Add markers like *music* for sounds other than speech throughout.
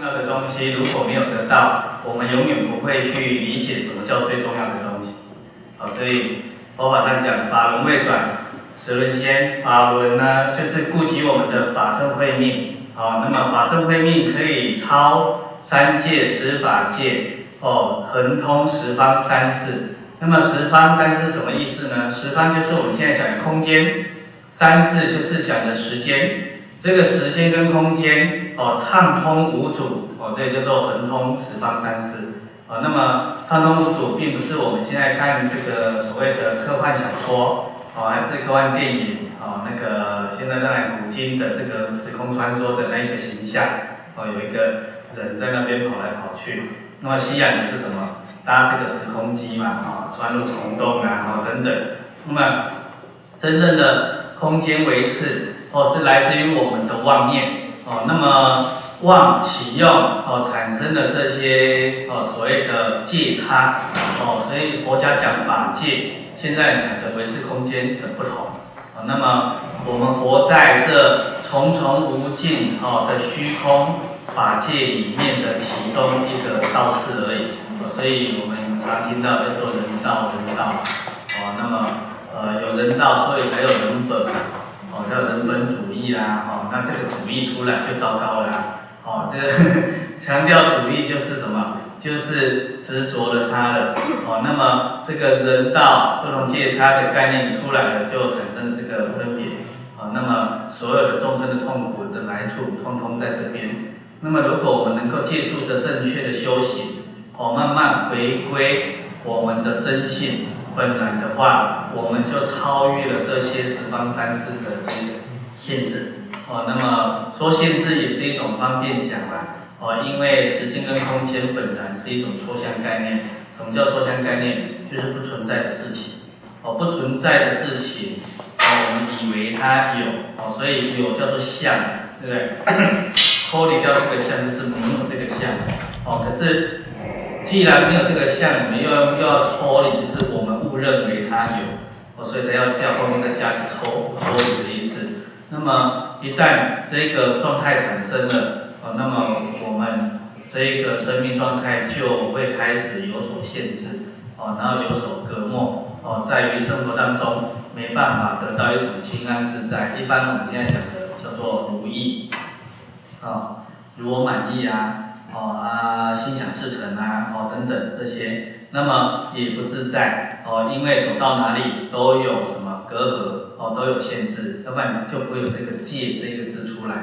重要的東西如果沒有得到，我們永遠不會去理解什麼叫最重要的東西。好，所以佛法上講法輪未轉，十輪之間，法輪呢，就是顧及我們的法身慧命。好，那麼法身慧命可以超三界十法界，哦，橫通十方三世。那麼十方三世什麼意思呢？十方就是我們現在講的空間，三世就是講的時間。這個時間跟空間哦，暢通無阻哦，這也叫做橫通十方三世哦。那麼暢通無阻，並不是我們現在看這個所謂的科幻小說哦，還是科幻電影哦，那個現在在古今的這個時空穿梭的那一個形象哦，有一個人在那邊跑來跑去。那麼西雅的是什麼？搭這個時空機嘛哦，穿入蟲洞啊、哦，等等。那麼真正的空間維次。哦，是來自於我們的妄念哦，那麼妄起用哦，產生的這些哦，所謂的界差哦，所以佛家講法界，現在講的維次空間的不同哦，那麼我們活在這重重無盡哦的虛空法界裡面的其中一個道次而已哦，所以我們常聽到叫做人道、人道哦，那麼呃，有人道，所以才有人本。哦、叫人本主義啦、啊，哦，那這個主義出來就糟糕啦、啊，哦，這個呵呵強調主義就是什麼，就是執着了它了。哦，那麼這個人道不同界差的概念出來了，就產生了這個分別，啊、哦，那麼所有的眾生的痛苦的來處，通通在這邊，那麼如果我們能夠借助着正確的修行，哦，慢慢回歸我們的真性。本來的話，我們就超越了這些十方三世的這個限制。哦，那麼說限制也是一種方便講嘛、啊。哦，因為時間跟空間本來是一種抽象概念。什麼叫抽象概念？就是不存在的事情。哦，不存在的事情，呃、我們以為它有。哦，所以有叫做相，對不對？脫離 *coughs* 掉這個相，就是沒有這個相。哦，可是。既然沒有這個相，我們又又要抽離，就是我們誤認為它有，哦，所以才要叫後面再加抽抽離的意思。那麼一旦這個狀態產生了，哦，那麼我們這個生命狀態就會開始有所限制，哦，然後有所隔膜，哦，在於生活當中沒辦法得到一種清安自在。一般我們現在講的叫做如意，哦，如我滿意啊。哦啊，心想事成啊，哦，等等這些，那麼也不自在，哦，因為走到哪裡都有什麼隔閡，哦，都有限制，要不然就不會有這個界這個字出來。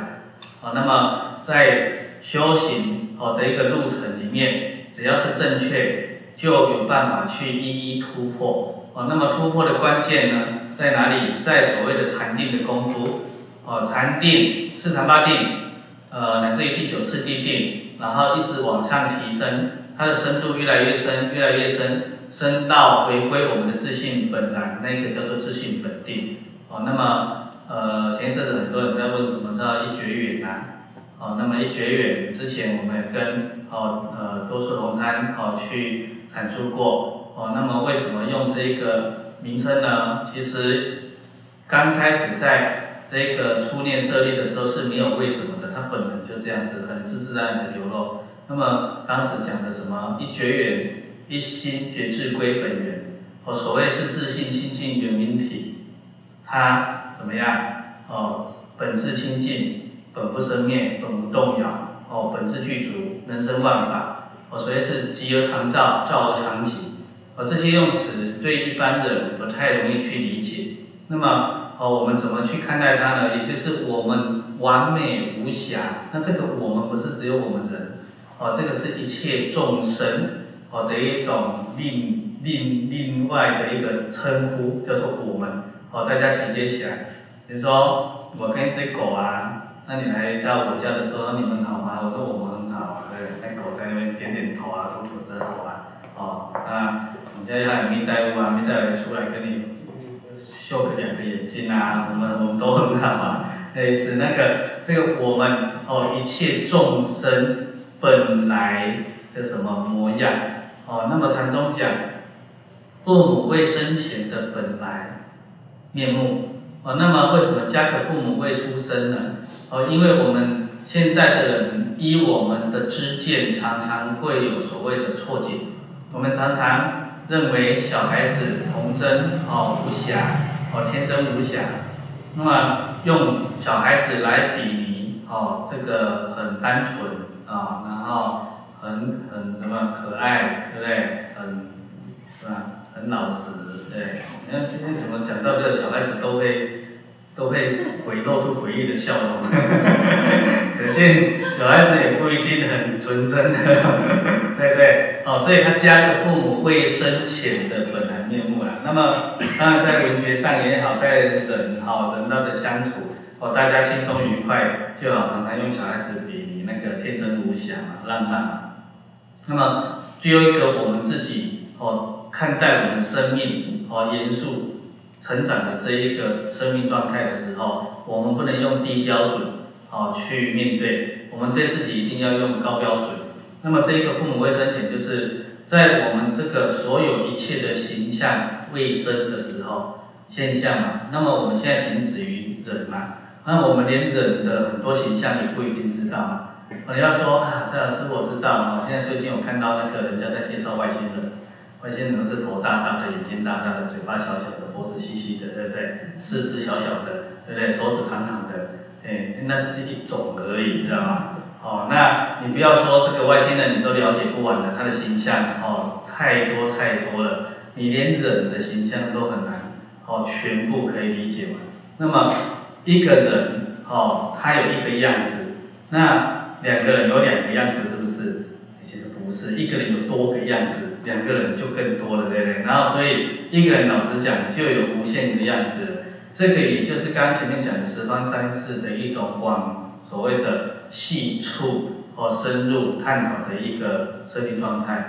哦，那麼在修行好、哦、的一個路程裡面，只要是正確，就有辦法去一一突破。哦，那麼突破的關鍵呢在哪裡？在所謂的禪定的功夫。哦，禪定四禪八定，呃乃至於第九次地定。然後一直往上提升，它的深度越來越深，越來越深深到回歸我們的自性本來，那個叫做自性本定。哦，那麼呃前一陣子很多人在問什麼叫一覺元啊？哦，那麼一覺元之前我們跟哦呃多數同參哦去闡述過。哦，那麼為什麼用這個名稱呢？其實剛開始在這個初念設立的時候是沒有為什麼。他本人就這樣子，很自自然的流露。那麼當時講的什麼一覺元，一心覺智歸本源，哦，所謂是自性清淨圓明體，他怎麼樣？哦，本自清淨，本不生滅，本不動搖，哦，本自具足，能生萬法，哦，所謂是寂而常照，照而常寂。哦，這些用詞對一般人不太容易去理解。那麼哦，我們怎麼去看待它呢？也就是我們。完美無瑕，那這個我們不是只有我們人，哦，這個是一切眾生哦的一種另另另外的一個稱呼，叫做我們，哦，大家集結起來，你說我跟一隻狗啊，那你來在我家的時候，你們好嗎？我說我們很好啊，那那狗在那邊點點頭啊，吐吐舌頭啊，哦，啊，你在家裡面待屋啊，沒帶屋出來跟你秀個兩隻眼睛啊，我們我們都很好嘛。類似那個，這個我們哦，一切眾生本來的什麼模樣哦？那麼禪宗講，父母未生前的本來面目哦。那麼為什麼加個父母未出生呢？哦，因為我們現在的人依我們的知見，常常會有所謂的錯解。我們常常認為小孩子童真哦，無瑕哦，天真無瑕。那麼用小孩子來比擬，哦，這個很單純啊，然後很很什麼可愛，對不對？很對吧？很老實，對。你看今天怎麼講到這，小孩子都會都會回露出詭異的笑容，可見小孩子也不一定很純真，對不對，對。哦，所以他家的父母會深淺的本來面目啦。那麼當然在文學上也好，在人好、哦、人道的相處，哦，大家輕鬆愉快就好，常常用小孩子比喻那個天真無邪嘛、啊，浪漫、啊。那麼最後一個，我們自己哦看待我們生命哦嚴肅成長的這一個生命狀態的時候，我們不能用低標準哦去面對，我們對自己一定要用高標準。那麼這個父母未生前就是在我們這個所有一切的形象未生的時候現象嘛。那麼我們現在僅止於人嘛，那、啊、我們連人的很多形象也不一定知道嘛。可能要說啊，蔡老師我知道嘛，我現在最近我看到那個人家在介紹外星人，外星人是頭大大的，眼睛大大的，嘴巴小小的，脖子細細的，對不對？四肢小小的，對不對？手指長長的，哎，那只是一種而已，知道嗎？哦，那你不要說這個外星人，你都了解不完的，他的形象哦，太多太多了，你連人的形象都很難哦，全部可以理解完。那麼一個人哦，他有一個樣子，那兩個人有兩個樣子，是不是？其實不是，一個人有多個樣子，兩個人就更多了，對不對？然後所以一個人老實講就有無限的樣子，這個也就是剛剛前面講的十方三世的一種廣所謂的細處和深入探討的一個設定狀態，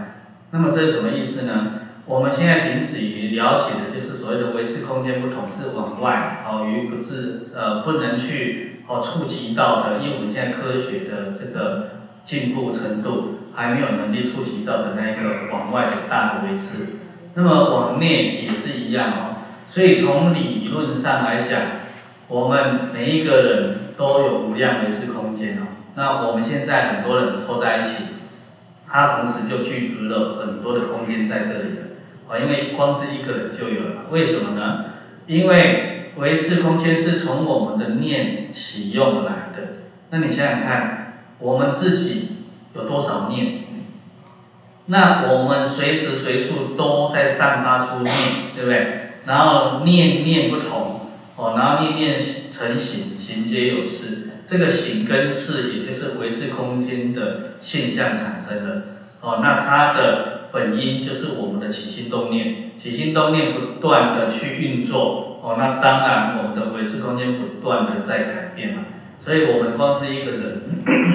那麼這是什麼意思呢？我們現在停止於了解的就是所謂的維持空間不同是往外，好、呃、於不至呃不能去哦、呃、觸及到的，因為我們現在科學的這個進步程度還沒有能力觸及到的那一個往外的大的維次。那麼往內也是一樣哦，所以從理論上來講，我們每一個人。都有無量維次空間哦。那我們現在很多人湊在一起，它同時就聚集了很多的空間在這裡了啊。因為光是一個人就有了，為什麼呢？因為維次空間是從我們的念起用來的。那你想想看，我們自己有多少念？那我們隨時隨處都在散發出念，對不對？然後念念不同。哦，然後意念成形，形皆有事。這個形跟事，也就是維次空間的現象產生的。哦，那它的本因就是我們的起心動念，起心動念不斷的去運作。哦，那當然我們的維次空間不斷的在改變嘛。所以，我們光是一個人咳咳，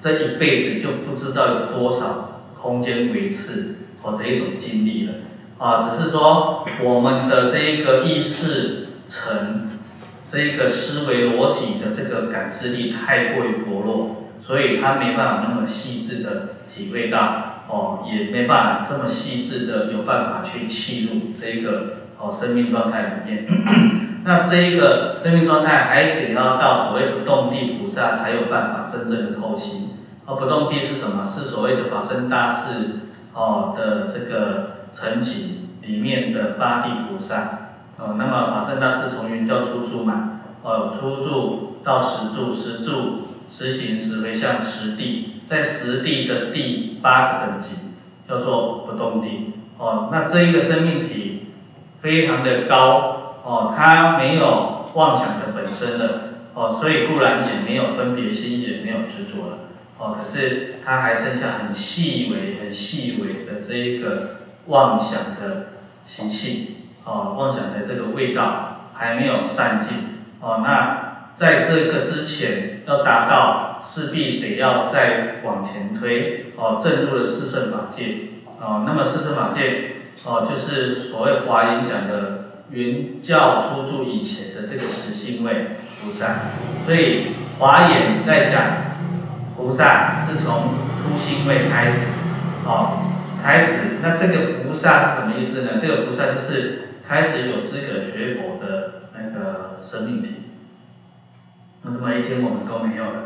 這一輩子就不知道有多少空間維次我、哦、的一種經歷了。啊，只是說我們的這一個意識。成這一個思維邏輯的這個感知力太過於薄弱，所以他沒辦法那麼細緻的體會到，哦，也沒辦法這麼細緻的有辦法去切入這一個哦，生命狀態裡面。 *coughs* 那這一個生命狀態還得要到所謂不動地菩薩才有辦法真正的透析。而、哦、不動地是什麼？是所謂的法身大士哦的這個層級裡面的八地菩薩。哦，那麼法身大師從圓教初住嘛，哦初住到十住，十住十行十迴向十地，在十地的第八個等級叫做不動地。哦，那這一個生命體非常的高，哦，它沒有妄想的本身了，哦，所以固然也沒有分別心，也沒有執着了。哦，可是它還剩下很細微、很細微的這一個妄想的習氣。嗯哦，妄想的這個味道還沒有散盡哦，那在這個之前要達到，勢必得要再往前推哦，證入了四聖法界哦，那麼四聖法界哦，就是所謂華嚴講的圓教初住以前的這個十信位菩薩，所以華嚴在講菩薩是從初心位開始哦，開始，那這個菩薩是什麼意思呢？這個菩薩就是。開始有資格學佛的那個生命體，那這麼一天我們都沒有了。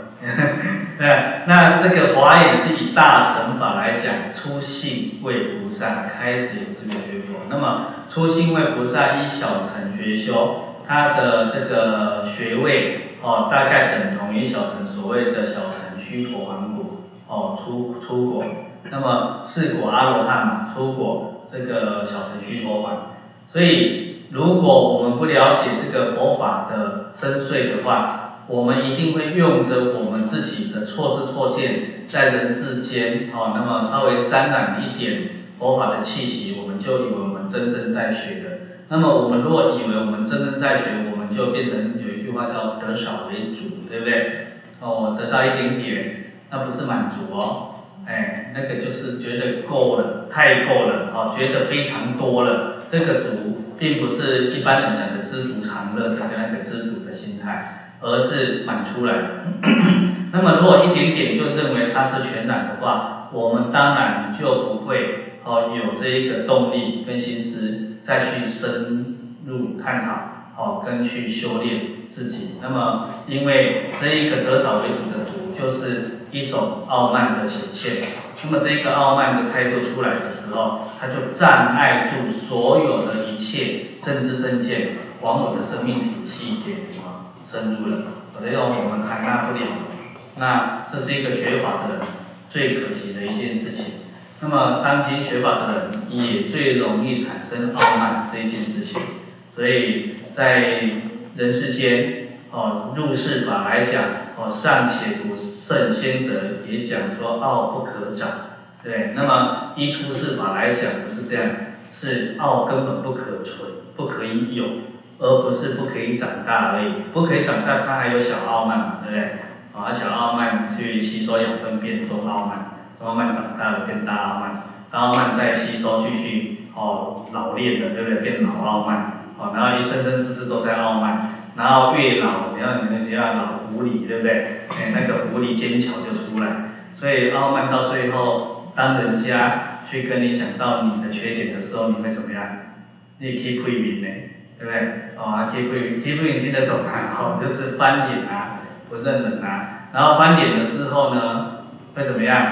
哎、 *laughs* 啊，那這個華嚴是以大乘法來講，初信位菩薩開始有資格學佛，那麼初信位菩薩依小乘學修，他的這個學位哦，大概等同於小乘所謂的小乘須陀洹果哦，初初果。那麼四果阿羅漢嘛，初果這個小乘須陀洹。所以，如果我們不了解這個佛法的深邃的話，我們一定會用着我們自己的錯事錯見，在人世間，哦，那麼稍微沾染一點佛法的氣息，我們就以為我們真正在學的。那麼，我們若以為我們真正在學，我們就變成有一句話叫得少為主，對不對？哦，得到一點點，那不是滿足哦，哎，那個就是覺得夠了，太夠了，哦，覺得非常多了。這個足並不是一般人講的知足常樂的那個知足的心態，而是滿出來的。 *coughs* 那麼如果一點點就認為它是全滿的話，我們當然就不會哦，有這一個動力跟心思再去深入探討，哦，跟去修煉自己。那麼因為這一個得少為主的足，就是一種傲慢的顯現。那麼這一個傲慢的態度出來的時候，他就障礙住所有的一切正知正見，往我的生命體系給什麼深入了。這種我們接納不了，那這是一個學法的人最可惜的一件事情。那麼當今學法的人也最容易產生傲慢這一件事情，所以在人世間。哦，入世法來講，哦，尚且古聖先哲也講說傲不可長，對，那麼依出世法來講不是這樣，是傲根本不可存，不可以有，而不是不可以長大而已。不可以長大，它還有小傲慢嘛，對不對？哦，小傲慢去吸收養分變中傲慢，中傲慢長大了變大傲慢，大傲慢再吸收繼續哦老練的，對不對？變老傲慢，哦，然後一生生世世都在傲慢。然後越老，然後你們只要老狐狸，對不對？哎、那個狐狸奸巧就出來。所以傲、哦、慢到最後，當人家去跟你講到你的缺點的時候，你會怎麼樣？你聽不明呢？對不對？哦，聽不聽不懂聽得懂啊？還好、哦，就是翻臉啊，不認人啊。然後翻臉的時候呢，會怎麼樣？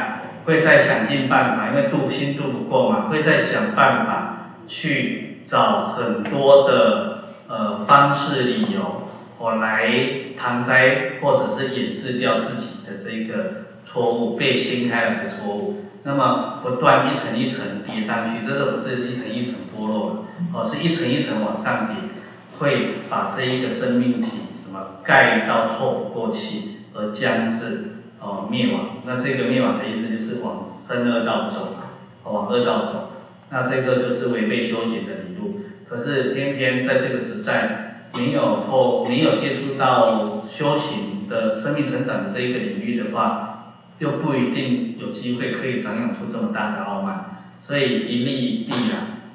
會再想盡辦法，因為度心度不過嘛，會再想辦法去找很多的。呃，方式、理由，我、哦、來搪塞，或者是掩飾掉自己的這個錯誤，被掀開了的錯誤，那麼不斷一層一層疊上去，這個不是一層一層剝落了，哦，是一層一層往上疊，會把這一個生命體什麼蓋到透不過氣而僵滯哦，滅亡。那這個滅亡的意思就是往生惡道走，往、哦、惡道走，那這個就是違背修行的理路。可是偏偏在這個時代，沒有透，沒有接觸到修行的生命成長的這一個領域的話，又不一定有機會可以長養出這麼大的傲慢，所以一利一弊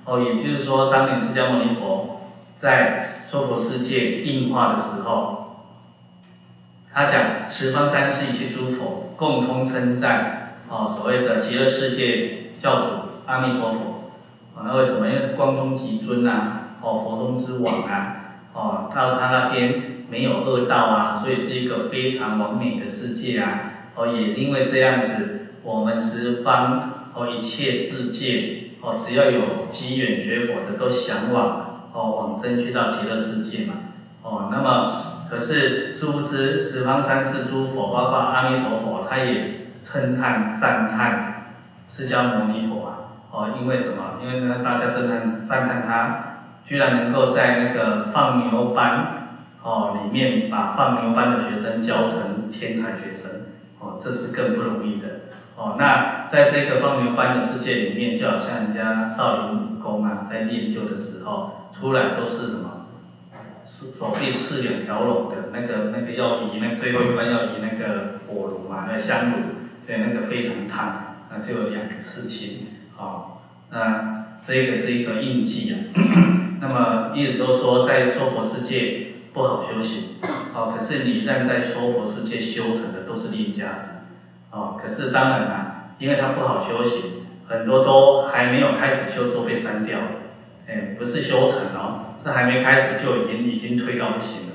哦，也就是說，當年釋迦牟尼佛在娑婆世界應化的時候，他講十方三世一切諸佛共同稱讚哦，所謂的極樂世界教主阿彌陀佛。那為什麼？因為光中極尊啊，哦，佛中之王啊，哦，到他那邊沒有惡道啊，所以是一個非常完美的世界啊，哦，也因為這樣子，我們十方哦一切世界哦，只要有機緣學佛的都向往哦往生去到極樂世界嘛，哦，那麼可是殊不知十方三世諸佛，包括阿彌陀佛，他也稱嘆讚嘆釋迦牟尼佛。哦，因為什麼？因為呢，大家讚歎讚歎他，居然能夠在那個放牛班，哦，裡面把放牛班的學生教成天才學生，哦，這是更不容易的。哦，那在這個放牛班的世界裡面，就好像人家少林武功啊，在練就的時候，出來都是什麼，是手臂是兩條龍的那個那個要移那個、最後一關要移那個火爐嘛，那個、香爐對那個非常燙，那就兩個刺青。哦，那這個是一個印記啊。呵呵，那麼意思說，說在娑婆世界不好修行，哦，可是你一旦在娑婆世界修成的都是練家子。哦，可是當然啦、啊，因為它不好修行，很多都還沒有開始修就被刪掉了、哎。不是修成哦，這還沒開始就已經已經退到不行了。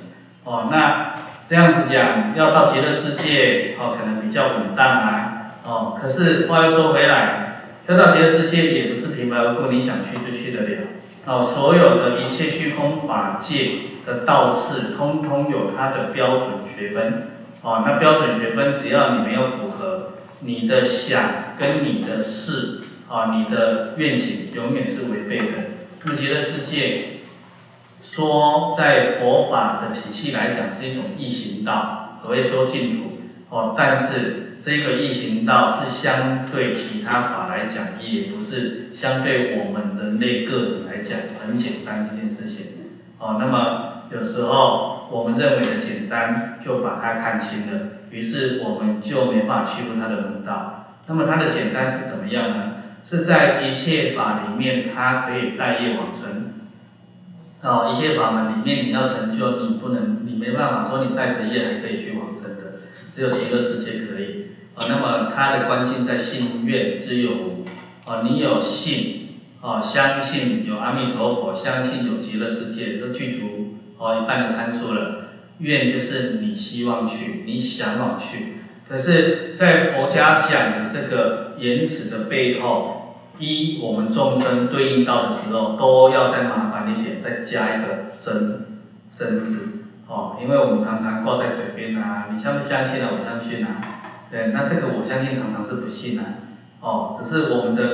哦，那這樣子講，要到極樂世界哦，可能比較穩當啊。哦，可是話又說回來。得到極樂世界也不是平白無故，你想去就去得了。哦，所有的一切虛空法界的道士通通有它的標準學分。哦，那標準學分，只要你沒有符合，你的想跟你的事，哦，你的願景永遠是違背的。那，嗯嗯、極樂世界說在佛法的體系來講是一種易行道，所謂說淨土。哦，但是。這個易行道是相對其他法來講，也不是相對我們的那個來講很簡單這件事情。哦，那麼有時候我們認為的簡單，就把它看輕了，於是我們就沒法欺負它的通道。那麼它的簡單是怎麼樣呢？是在一切法裡面，它可以帶業往生。哦，一切法門裡面你要成就，你不能，你沒辦法說你帶着業還可以去往生的，只有極樂世界可以。哦，那麼它的關鍵在信願，只有啊、哦、你有信啊、哦，相信有阿彌陀佛，相信有極樂世界，這具足哦一半的參數了。願就是你希望去，你想往去。可是，在佛家講的這個言辭的背後，依我們眾生對應到的時候，都要再麻煩一點，再加一個真真字哦，因為我們常常掛在嘴邊吶、啊，你相不相信啊？我相信啊。對，那這個我相信常常是不信啦，啊，哦，只是我們的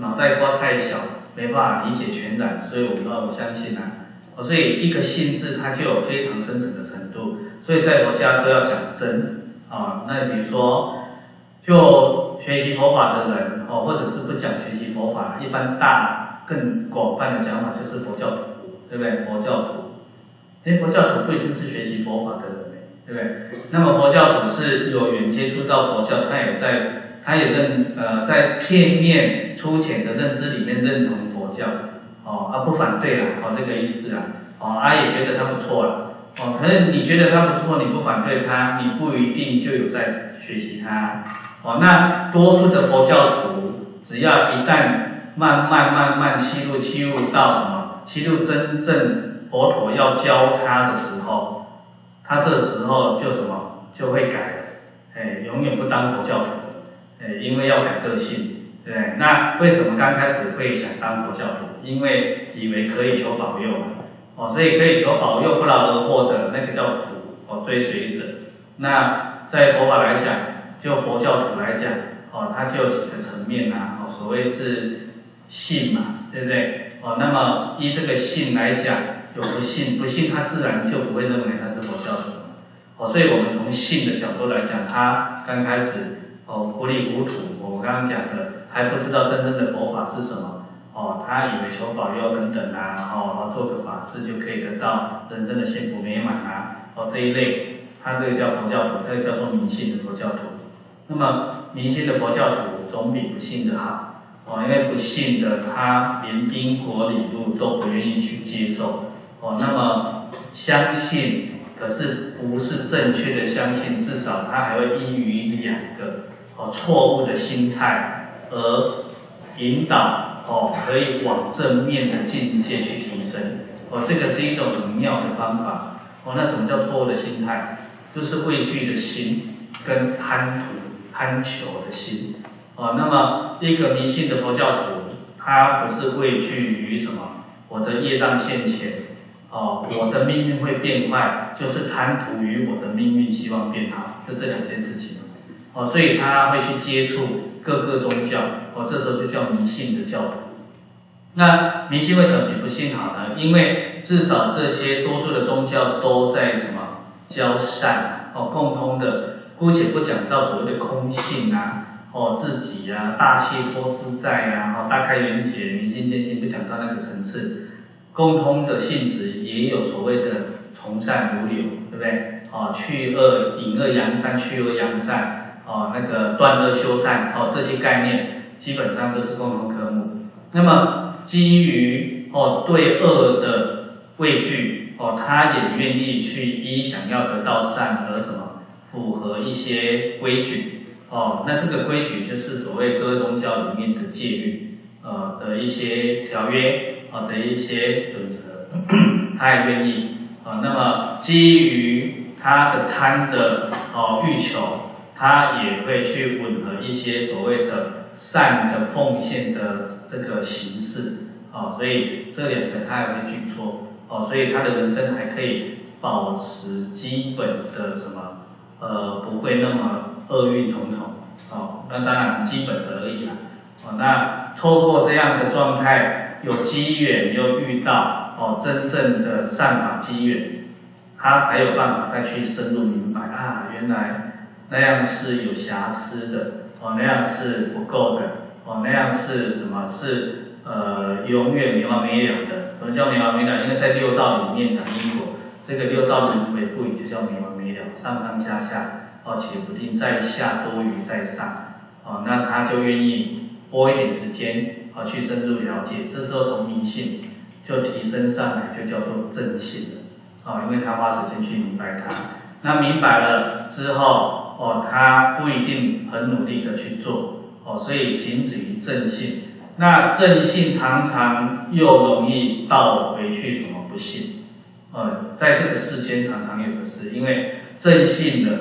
腦袋瓜太小，沒辦法理解全然，所以我們都要不知道相信啦，啊，哦，所以一個信字它就有非常深層的程度，所以在佛家都要講真，啊、哦，那比如說，就學習佛法的人，哦，或者是不講學習佛法，一般大更廣泛的講法就是佛教徒，對不對？佛教徒，哎，佛教徒不一定是學習佛法的。對，那麼佛教徒是有緣接觸到佛教，他也在，他也認呃，在片面粗淺的認知裡面認同佛教，哦，而、啊、不反對啦，哦，這個意思啊，哦，啊、也覺得他不錯了，哦，可是你覺得他不錯，你不反對他，你不一定就有在學習他，哦，那多數的佛教徒，只要一旦慢慢慢慢契入契入到什麼，契入真正佛陀要教他的時候。他、啊、這時候就什麼就會改了，哎、欸，永遠不當佛教徒，哎、欸，因為要改個性，對，那為什麼剛開始會想當佛教徒？因為以為可以求保佑嘛，哦，所以可以求保佑、不勞而獲的那個教徒，哦，追隨者。那在佛法來講，就佛教徒來講，哦，它就有幾個層面吶、啊，哦，所謂是信嘛，對不對？哦，那麼依這個信來講。有不信，不信他自然就不會認為他是佛教徒哦，所以我們從信的角度來講，他剛開始哦，糊裡糊塗，我們剛剛講的還不知道真正的佛法是什麼。哦，他以為求保佑等等啊，哦，做個法事就可以得到真正的幸福美滿啊。哦，這一類他這個叫佛教徒，這個叫做迷信的佛教徒。那麼迷信的佛教徒總比不信的好。哦，因為不信的他連因果理路都不願意去接受。哦，那麼相信，可是不是正確的相信，至少它還會依於兩個哦錯誤的心態而引導哦，可以往正面的境界去提升哦，這個是一種妙的方法哦。那什麼叫錯誤的心態？就是畏懼的心跟貪圖、貪求的心哦。那麼一個迷信的佛教徒，他不是畏懼於什麼？我的業障現前。哦，我的命運會變壞，就是貪圖於我的命運希望變好，就這兩件事情哦，所以他會去接觸各個宗教，哦，這時候就叫迷信的教徒。那迷信為什麼比不信好呢？因為至少這些多數的宗教都在什麼教善，哦，共通的。姑且不講到所謂的空性啊，哦，自己呀、啊，大解脫自在呀、啊，哦，大開圓解，明心見性，不講到那個層次。共通的性質也有所謂的從善如流，對不對？哦、啊，去惡隱惡揚善，去惡揚善，哦、啊，那個斷惡修善，哦、啊，這些概念基本上都是共同科目。那麼基於哦、啊、對惡的畏懼，哦、啊，他也願意去依想要得到善而什麼符合一些規矩，哦、啊，那這個規矩就是所謂各宗教裡面的戒律，呃、啊、的一些條約。哦的一些準則，他也願意啊，那麼基於他的貪的哦欲求，他也會去吻合一些所謂的善的奉獻的這個形式哦。所以這兩個他也會去做哦，所以他的人生還可以保持基本的什麼呃，不會那麼厄運重重哦。那當然基本的而已啊，哦。那透過這樣的狀態。有機緣又遇到哦，真正的善法機緣，他才有辦法再去深入明白啊，原來那樣是有瑕疵的，哦，那樣是不夠的，哦，那樣是什麼？是呃，永遠沒完沒了的。什麼叫沒完沒了？因為在六道裡面講因果，這個六道輪迴不已就叫沒完沒了，上上下下哦，且不定在下多餘在上，哦，那他就願意撥一點時間。哦，去深入了解，這時候從迷信就提升上來，就叫做正信了。哦，因為他花時間去明白它，那明白了之後，哦，他不一定很努力的去做，哦，所以僅止於正信。那正信常常又容易倒回去什麼不信，呃，哦，在這個世間常常有的事，因為正信的，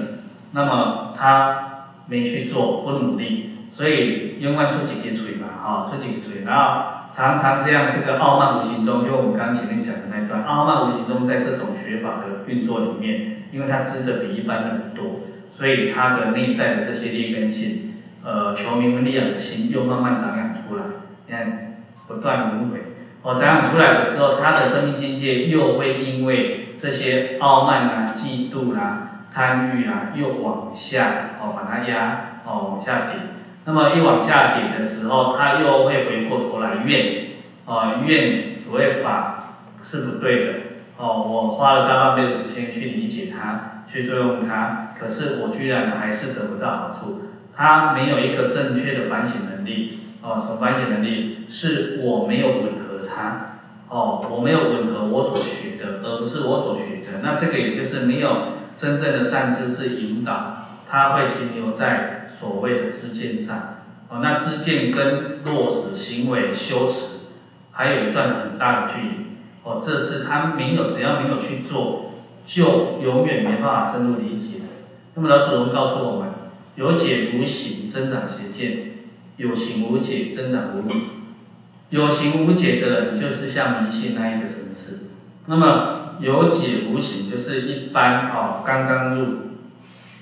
那麼他沒去做，不努力。所以永遠出幾根嘴嘛，好，哦，出幾根嘴，然後常常這樣，這個傲慢無形中，就我們剛前面講的那段，傲慢無形中，在這種學法的運作裡面，因為他知的比一般的人多，所以他的內在的這些劣根性，呃，求名聞利的心又慢慢長養出來，你看，不斷輪迴，哦，長養出來的時候，他的生命境界又會因為這些傲慢啊、嫉妒啦、啊、貪欲啊，又往下，哦，把它壓，哦，往下頂。那麼一往下點的時候，他又會回過頭來怨，哦、呃、怨所謂法是不對的，哦、呃、我花了大半輩子時間去理解它，去作用它，可是我居然還是得不到好處。他沒有一個正確的反省能力，哦、呃、什麼反省能力？是我沒有吻合他，哦、呃、我沒有吻合我所學的，而不是我所學的。那這個也就是沒有真正的善知識引導，他會停留在。所謂的知見上，哦，那知見跟落實行為修持還有一段很大的距離，哦，這是他沒有只要沒有去做，就永遠沒辦法深入理解的。那麼老祖宗告訴我們，有解無行增長邪見，有行無解增長無明，有行無解的人就是像迷信那一個層次。那麼有解無行就是一般哦，剛剛入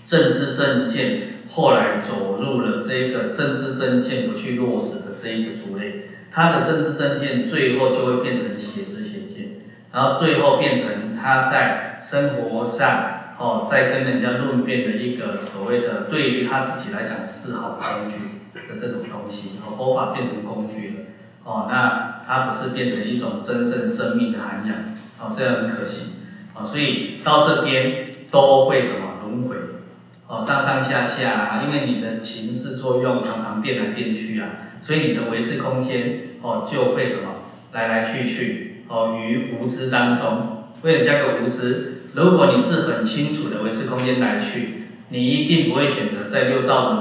正知正見。後來走入了這個正知正見不去落實的這一個族類，他的正知正見最後就會變成邪知邪見，然後最後變成他在生活上哦，在跟人家論辯的一個所謂的對於他自己來講是好的工具的這種東西，和佛法變成工具了，哦那它不是變成一種真正生命的涵養，哦這樣很可惜，哦，所以到這邊都會什麼輪回。哦，上上下下，啊，因為你的情勢作用常常變來變去啊，所以你的維次空間哦就會什麼來來去去，哦，於無知當中，為了加個無知，如果你是很清楚的維次空間來去，你一定不會選擇在六道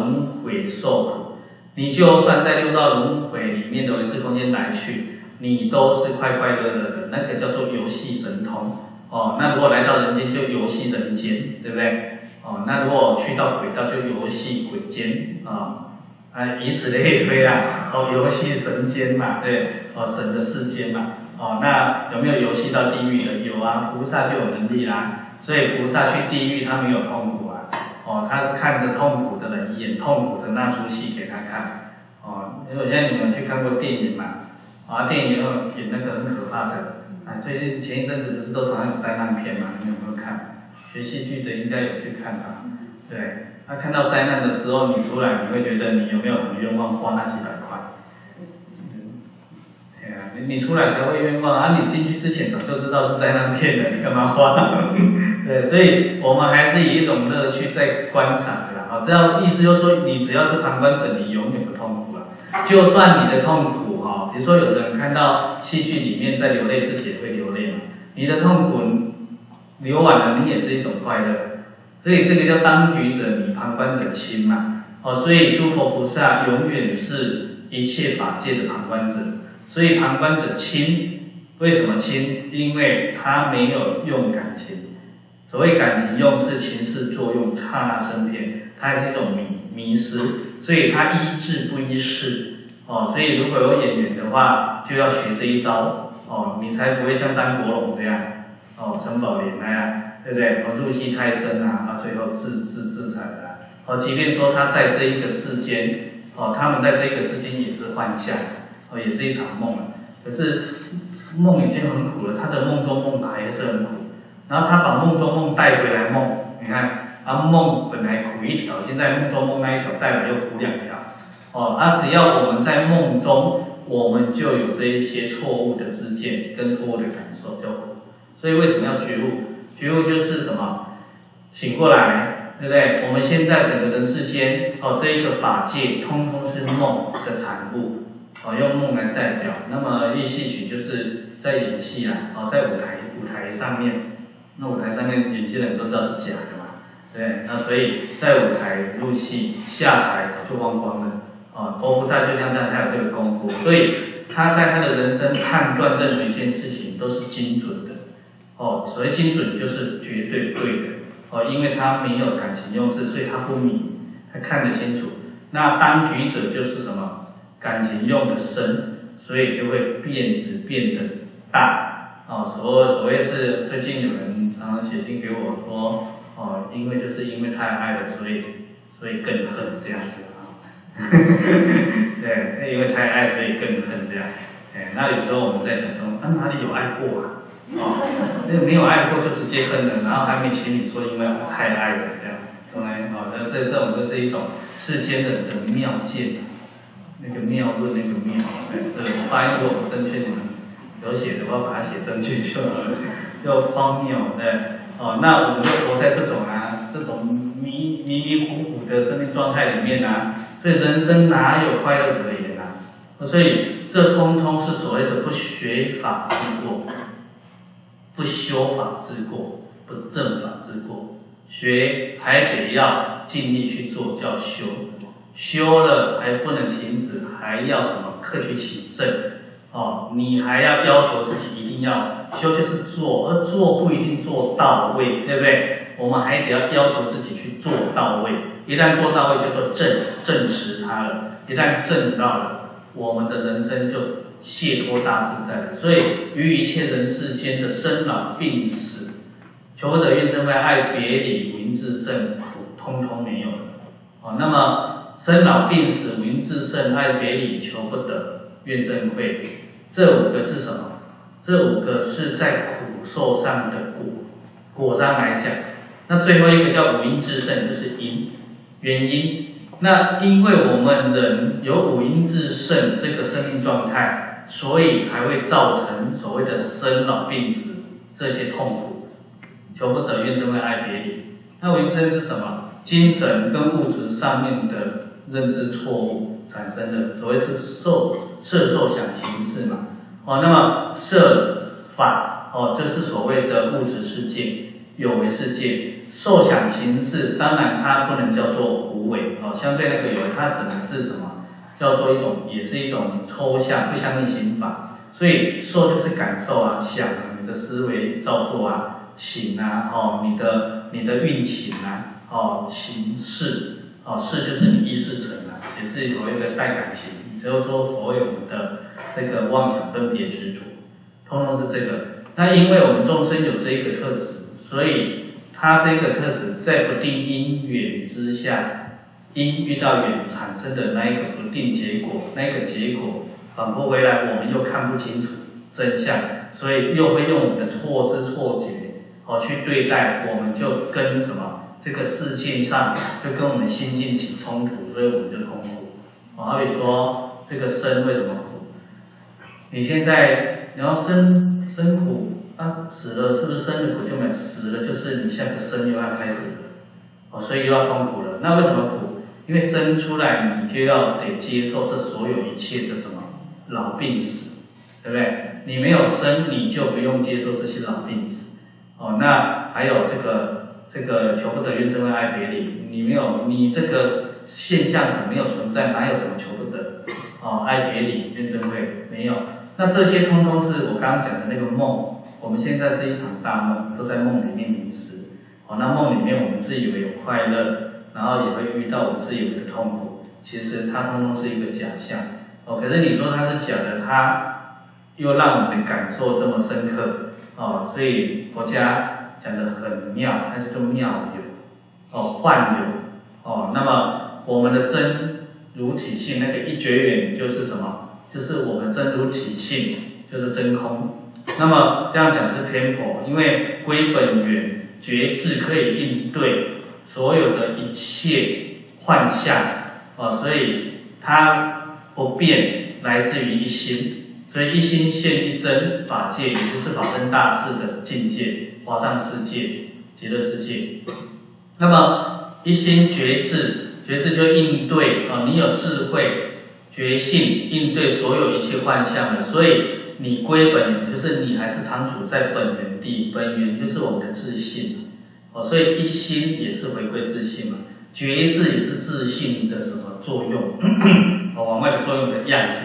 輪迴受苦，你就算在六道輪迴裡面的維次空間來去，你都是快快樂樂的，那個叫做遊戲神通，哦，那如果來到人間就遊戲人間，對不對？哦，那如果去到鬼道就遊戲鬼間、哦、啊，以此類推啊，哦，遊戲神間嘛，對，哦，神的世間嘛，哦，那有沒有遊戲到地獄的？有啊，菩薩就有能力啦、啊，所以菩薩去地獄他沒有痛苦啊，哦，他是看着痛苦的人演痛苦的那出戲給他看，哦，因為我現在你們去看過電影嘛，啊，電影有演那個很可怕的，啊，最近前一陣子不是都常有災難片嘛，你們有沒有看？學戲劇的應該有去看吧，對，那、啊、看到災難的時候你出來，你會覺得你有沒有很冤枉花那幾百塊？對啊，你出來才會冤枉，而、啊、你進去之前早就知道是災難片了，你幹嘛花？對，所以我們還是以一種樂趣在觀賞啦，好、啊，這樣意思就是說你只要是旁觀者，你永遠不痛苦了、啊，就算你的痛苦哈，比如說有人看到戲劇裡面在流淚，自己也會流淚嘛，你的痛苦。留完了，你也是一種快樂，所以這個叫當局者迷，你旁觀者清嘛。哦，所以諸佛菩薩永遠是一切法界的旁觀者，所以旁觀者清。為什麼清？因為他沒有用感情。所謂感情用事，是情緒作用，剎那生滅，它是一種迷迷失。所以他依智不依識。哦，所以如果有演員的話，就要學這一招。哦，你才不會像張國榮這樣。哦，陳寶蓮那樣，對不對？哦、啊，入戲太深了，他最後自自自殘了。哦，即便說他在這一個世間，哦，他們在這一個世間也是幻象，哦，也是一場夢了、啊。可是夢已經很苦了，他的夢中夢還是很苦。然後他把夢中夢帶回來夢，你看，啊，夢本來苦一條，現在夢中夢那一條帶來又苦兩條。哦，啊，只要我們在夢中，我們就有這一些錯誤的知見跟錯誤的感受就，就。所以為什麼要覺悟？覺悟就是什麼？醒過來，對不對？我們現在整個人世間，哦，這一個法界，通通是夢的產物，哦，用夢來代表。那麼一戲曲就是在演戲啊，哦，在舞台舞台，上面，那舞台上面演戲人都知道是假的嘛，對。那所以在舞台入戲，下台早就忘光了。哦，佛菩薩就像這樣，他有這個功夫，所以他在他的人生判斷任何一件事情都是精準的。哦，所謂精準就是絕對對的，哦，因為他沒有感情用事，所以他不迷，他看得清楚。那當局者就是什麼？感情用得深，所以就會變質變得大。哦，所所謂是最近有人常常寫信給我說，哦，因為就是因為太愛了，所以所以更恨這樣子啊。 *laughs* 對，因為太愛所以更恨這樣。哎，那有時候我們在想說，啊，哪裡有愛過啊？哦，那沒有愛過就直接分了，然後還沒請你說，因為我太愛了，這樣，懂沒？哦，這這種就是一種世間的的妙見，那個妙論，那個妙，對，這我發音如果不正確，你們有寫的話把它寫正確就好了，就荒謬對。哦，那我們就活在這種啊，這種迷迷迷糊糊的生命狀態裡面啊，所以人生哪有快樂可言啊？所以這通通是所謂的不學法之過。不修法之過，不證法之過，學還得要盡力去做，叫修。修了還不能停止，還要什麼刻去求證？哦，你還要要求自己一定要修，就是做，而做不一定做到位，對不對？我們還得要要求自己去做到位。一旦做到位，就做證，證實它了。一旦證到了，我們的人生就解脫大自在，所以於一切人世間的生老病死、求不得怨憎會、愛別離、五陰熾盛，苦通通沒有了。好、哦，那麼生老病死五陰熾盛、愛別離、求不得怨憎會，這五個是什麼？這五個是在苦受上的果。果上來講，那最後一個叫五陰熾盛，就是因，原因。那因為我們人有五陰熾盛這個生命狀態。所以才會造成所謂的生老病死這些痛苦，求不得怨憎會愛別離。那為生是什麼？精神跟物質上面的認知錯誤產生的，所謂是受色受想行識嘛。哦，那麼色法哦，這是所謂的物質世界、有為世界，受想行識當然它不能叫做無為哦，相對那個有，它只能是什麼？叫做一種，也是一種抽象，不相應行法，所以受就是感受啊，想啊，你的思維造作啊，行啊，哦，你的你的運行啊，哦，行識，哦，識就是你意識層啊，也是所謂的帶感情，你只有說所有的這個妄想、分別、執着，通通是這個。那因為我們眾生有這一個特質，所以他這個特質在不定因緣之下。因遇到緣產生的那一個不定結果，那個結果反過回來，我們又看不清楚真相，所以又會用我們的錯知錯覺哦去對待，我們就跟什麼這個世界上就跟我們心境起衝突，所以我們就痛苦。哦，好比說這個生為什麼苦？你現在你要生生苦啊，死了是不是生的苦就沒有？死了就是你下一個生又要開始了，哦，所以又要痛苦了。那為什麼苦？因為生出來，你就要得接受這所有一切的什麼老病死，對不對？你沒有生，你就不用接受這些老病死。哦，那還有這個這個求不得怨憎會愛別離，你沒有你這個現象是沒有存在，哪有什麼求不得？哦，愛別離怨憎會沒有。那這些通通是我剛剛講的那個夢，我們現在是一場大夢，都在夢裡面迷失。哦，那夢裡面我們自以為有，有快樂。然後也會遇到我們自己的痛苦，其實它通通是一個假象。哦，可是你說它是假的，它又讓我們的感受這麼深刻，哦，所以佛家講的很妙，那就叫妙有，哦，幻有，哦，那麼我們的真如體性那個一覺元就是什麼？就是我們真如體性，就是真空。那麼這樣講是偏頗，因為歸本源，覺智可以應對。所有的一切幻象，啊，所以它不變，來自於一心，所以一心現一真法界，也就是法身大士的境界，華藏世界、極樂世界。那麼一心覺智，覺智就應對啊，你有智慧、覺性，應對所有一切幻象的，所以你歸本，就是你還是常處在本源地，本源就是我們的自信。哦，所以一心也是回歸自性嘛，覺知也是自性的什麼作用？哦，往外的作用的樣子。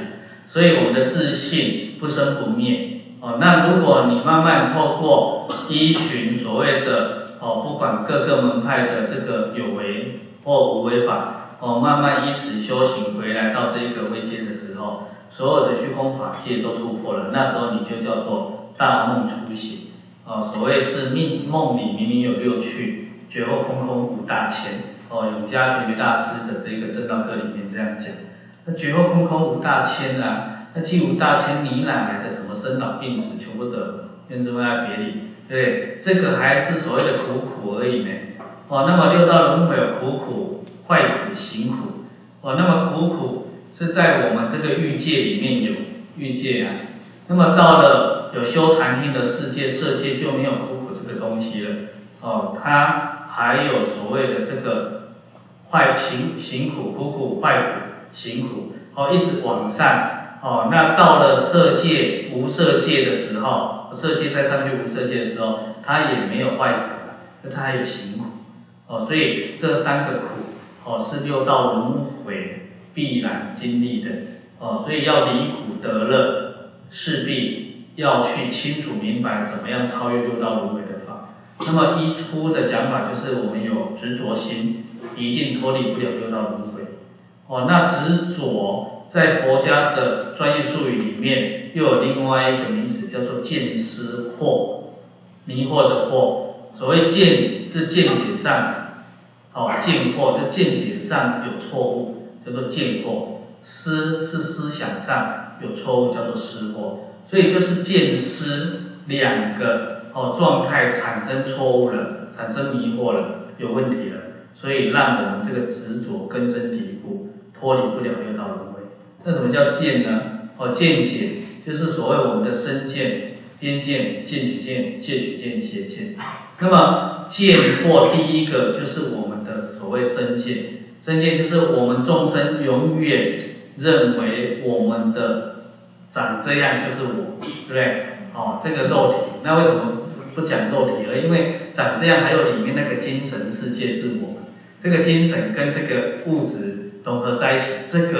所以我們的自性不生不滅。哦，那如果你慢慢透過依循所謂的哦，不管各個門派的這個有為或無為法，哦，慢慢依此修行，回來到這個位階的時候，所有的虛空法界都突破了，那時候你就叫做大夢初醒。哦，所謂是命夢裡明明有六趣，覺後空空無大千。哦，永嘉玄覺大師的這個證道歌裡面這樣講。那覺後空空無大千吶，啊，那既無大千，你哪來的什麼生老病死，求不得，怨憎愛別離，對，對這個還是所謂的苦苦而已呢。哦，那麼六道輪迴有苦苦、壞苦、行苦。哦，那麼苦苦是在我們這個欲界裡面有欲界啊。那麼到了。有修禪定的色界，色界就沒有苦苦這個東西了，哦，它還有所謂的這個壞行行苦，苦苦苦壞苦行苦，哦，一直往上，哦，那到了色界無色界的時候，色界再上去無色界的時候，它也沒有壞苦，那它還有行苦，哦，所以這三個苦，哦，是六道輪迴必然經歷的，哦，所以要離苦得樂，勢必。要去清楚明白怎麼樣超越六道輪迴的法。那麼一出的講法就是，我們有執着心，一定脫離不了六道輪迴。哦，那執着在佛家的專業術語裡面，又有另外一個名詞叫做見思惑，迷惑的惑。所謂見是見解上，哦，見惑，就見解上有錯誤，叫做見惑。思是思想上有錯誤，叫做思惑。所以就是見思兩個哦狀態產生錯誤了，產生迷惑了，有問題了，所以讓我們這個執着根深蒂固，脫離不了六道輪回。那什麼叫見呢？哦，見解就是所謂我們的身見、邊見、見取見、戒取見、邪見。那麼見惑第一個就是我們的所謂身見，身見就是我們眾生永遠認為我們的。長這樣就是我，對不對？哦，這個肉體，那為什麼不講肉體了？因因為長這樣還有裡面那個精神世界是我，這個精神跟這個物質融合在一起，這個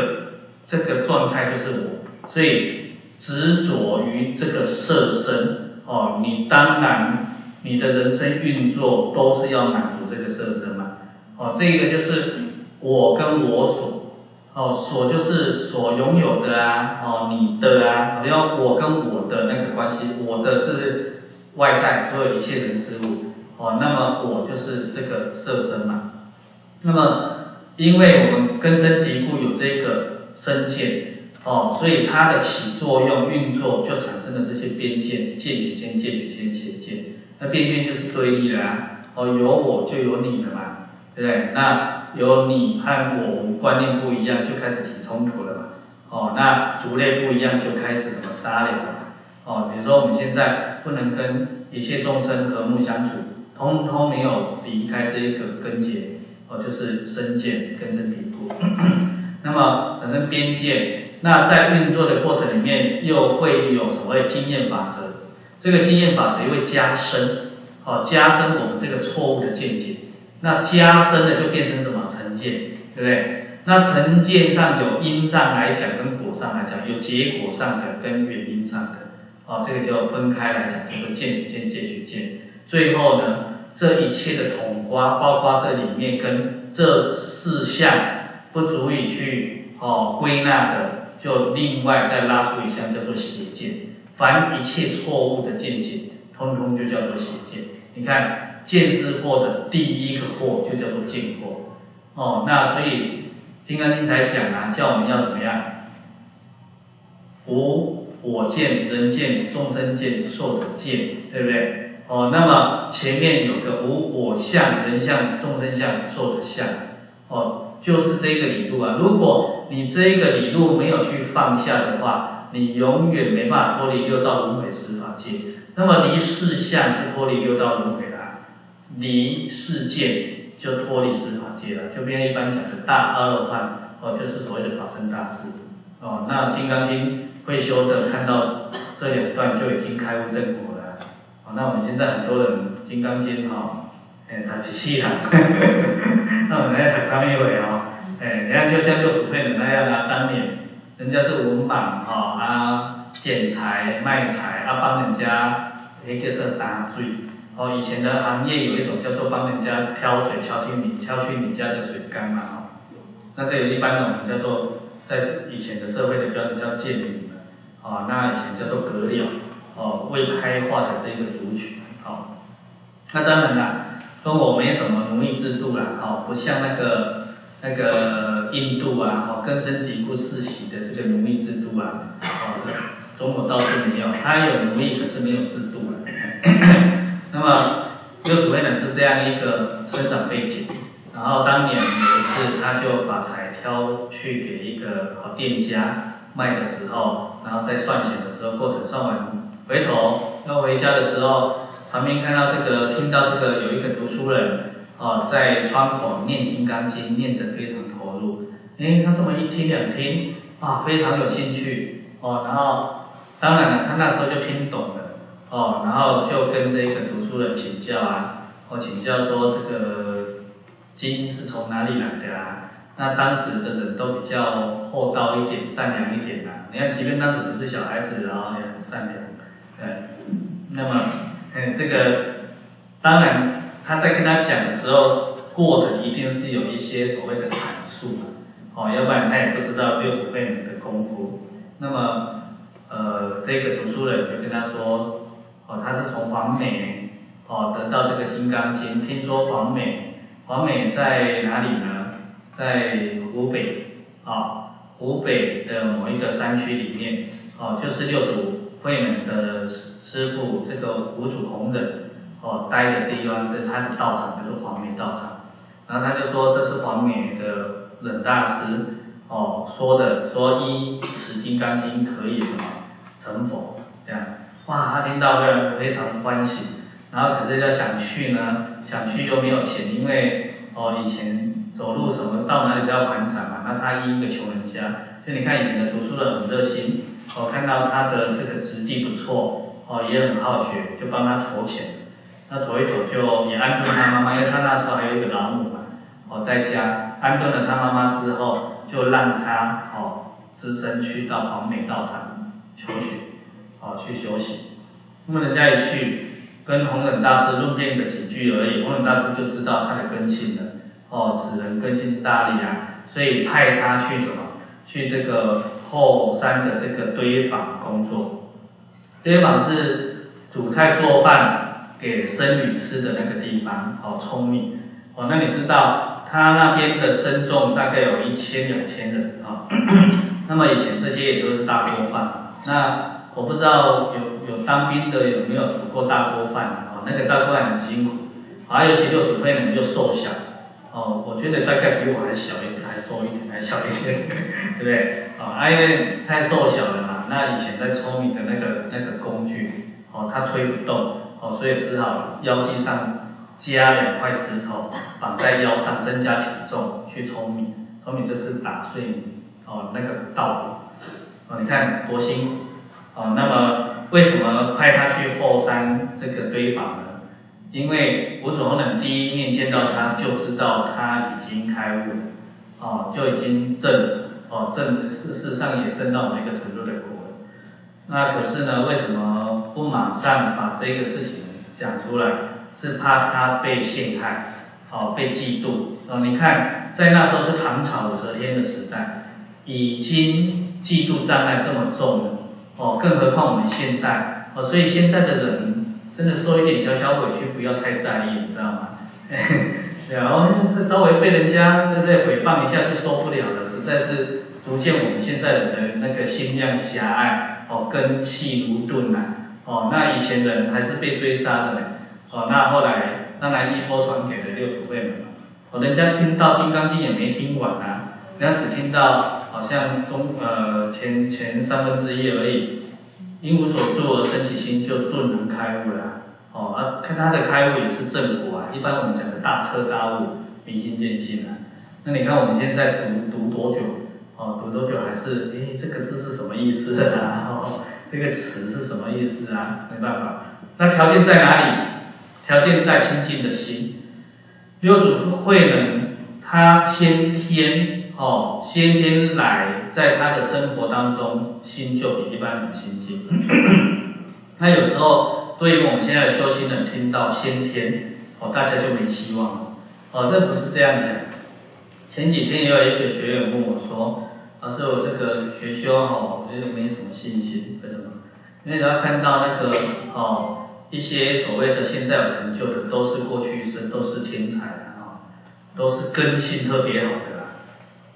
這個狀態就是我。所以執着於這個色身，哦，你當然你的人生運作都是要滿足這個色身嘛。哦，這個就是我跟我所。哦，所就是所擁有的啊，哦，你的啊，你要我跟我的那個關係，我的是外在所有一切人事物，哦，那麼我就是這個色身嘛，啊，那麼因為我們根深蒂固有這個身見，哦，所以它的起作用運作就產生了這些邊見，見取見、戒取見、邪見，那邊見就是對立的啊，哦，有我就有你的嘛，啊，對不對？那。有你和我，我觀念不一樣，就開始起衝突了嘛。哦，那族類不一樣，就開始怎麼殺戮了嘛。哦，比如說我們現在不能跟一切眾生和睦相處，通通沒有離開這一個根結，哦，就是身見，根深蒂固。那麼，反正邊界，那在運作的過程裡面，又會有所謂經驗法則，這個經驗法則又會加深，哦，加深我們這個錯誤的見解。那加深了就變成什麼成見，對不對？那成見上有因上來講跟果上來講，有結果上的跟原因上的，哦，這個就分開來講，叫做見取見、見取見。最後呢，這一切的統觀，包括這裡面跟這四項不足以去哦歸納的，就另外再拉出一項叫做邪見，凡一切錯誤的見解，通通就叫做邪見。你看。見思惑的第一個惑就叫做見惑。哦，那所以《金剛經》才講啊，叫我們要怎麼樣？無我見、人見、眾生見、壽者見，對不對？哦，那麼前面有個無我相、人相、眾生相、壽者相，哦，就是這一個理路啊。如果你這一個理路沒有去放下的話，你永遠沒辦法脫離六道輪迴十法界。那麼離四相就脫離六道輪迴。離世界就脫離四法界了，就變成一般講的大阿羅漢哦，就是所謂的法身大士哦。那《金剛經》會修的，看到這兩段就已經開悟正果了哦。那我們現在很多人《金剛經》哈、哦，哎、欸，他棄了，那我們來講商業一位哦，哎，人家就像六祖慧能那樣啊，要拿當年人家是文盲哈、哦，啊，撿柴賣柴啊，幫人家，那個、叫做擔水。哦，以前的行業有一種叫做幫人家挑水、挑去米、挑去你家的水缸嘛，啊哦，那這有一般的我們叫做在以前的社會的標準叫賤民哦，那以前叫做獦獠，哦，未開化的這個族群，哦，那當然啦，中國沒什麼奴隸制度啦，哦，不像那個那個印度啊，哦，根深蒂固世襲的這個奴隸制度啊，哦，中國倒是沒有，他有奴隸可是沒有制度啊。 *coughs* 那麼幼時呢是這樣一個生長背景，然後當年也是，他就把柴挑去給一個好店家賣的時候，然後在算錢的時候，過程算完，回頭要回家的時候，旁邊看到這個，聽到這個有一個讀書人，哦，在窗口念金剛經，念得非常投入，哎，他這麼一聽兩聽，啊，非常有興趣，哦，然後當然了，他那時候就聽懂了。哦，然後就跟這一個讀書人請教啊，或請教說這個金是從哪裡來的啊？那當時的人都比較厚道一點、善良一點吶、啊。你看，即便當時不是小孩子然後也很善良。對，那麼，嗯，這個，當然他在跟他講的時候，過程一定是有一些所謂的闡述哦，要不然他也不知道六祖慧能的功夫。那麼，呃，這個讀書人就跟他說。哦，他是從黃梅哦得到這個《金剛經》，聽說黃梅，黃梅在哪裡呢？在湖北，啊、哦，湖北的某一個山區裡面，哦，就是六祖慧能的師師父這個五祖弘忍哦待的地方，在他的道場就是黃梅道場。然後他就說，這是黃梅的忍大師哦說的，說一持《金剛經》可以什麼成佛這樣。哇，他聽到會非常歡喜，然後可是要想去呢，想去又沒有錢，因為哦以前走路什麼到哪裡都要盤纏嘛，那他一個窮人家，所以你看以前的讀書人很熱心，哦看到他的這個質地不錯，哦也很好學，就幫他籌錢，那籌一籌就也安頓他媽媽，因為他那時候還有一個老母嘛，哦在家安頓了他媽媽之後，就讓他哦隻身去到黃梅道場求學。好、哦、去休息。那麼人家也去跟弘忍大師論辯個幾句而已，弘忍大師就知道他的根性了。哦，此人根性大利啊，所以派他去什麼？去這個後山的這個堆房工作。堆房是煮菜做飯給僧侶吃的那個地方。好、哦、聰明。哦，那你知道他那邊的僧眾大概有一千兩千人、哦。 *coughs* 那麼以前這些也就是大鍋飯。那我不知道有有當兵的有沒有煮過大鍋飯，哦，那個大鍋飯很辛苦，啊，尤其六組會，你們就瘦小，哦，我覺得大概比我還小一點，還瘦一點，還小一些，對不對？哦、啊，因為太瘦小了嘛，那以前在舂米的那個那個工具，哦，它推不動，哦，所以只好腰際上加兩塊石頭，綁在腰上增加體重去舂米，舂米就是打碎米，哦，那個稻穀，哦，你看多辛苦。啊、哦，那麼為什麼派他去後山這個堆房呢？因為我總不能第一面見到他，就知道他已經開悟了，哦，就已經證了，哦，證事事實上也證到某一個程度的果。那可是呢，為什麼不馬上把這個事情講出來？是怕他被陷害，哦，被嫉妒。哦，你看在那時候是唐朝武則天的時代，已經嫉妒障礙這麼重了。哦，更何況我們現在，哦，所以現在的人真的受一點小小委屈不要太在意，你知道嗎？然後就是稍微被人家，對不對？誹謗一下就受不了了，實在是逐漸我們現在人的那個心量狹隘，哦，根器愚鈍吶，哦，那以前的人還是被追殺的呢，哦，那後來那來一波傳給了六祖輩們，哦，人家聽到《金剛經》也沒聽完啊，人家只聽到。好像中呃前前三分之一而已，應無所住而生其心就頓能開悟了，啊，哦啊看他的開悟也是正果啊，一般我們講的大徹大悟明心見性啊。那你看我們現在讀讀多久，哦讀多久還是誒，這個字是什麼意思啊，哦？這個詞是什麼意思啊？沒辦法，那條件在哪裡？條件在清淨的心。六祖慧能他先天。哦，先天來在他的生活當中，心就比一般人清淨。 *coughs* 他有時候對於我們現在的修行人聽到先天，哦，大家就沒希望了。哦，那不是這樣講。前幾天也有一個學員問我說：“老師我這個學修哦，我就是、沒什麼信心，為什麼？因為你要看到那個哦，一些所謂的現在有成就的，都是過去生都是天才啊、哦，都是根性特別好的。”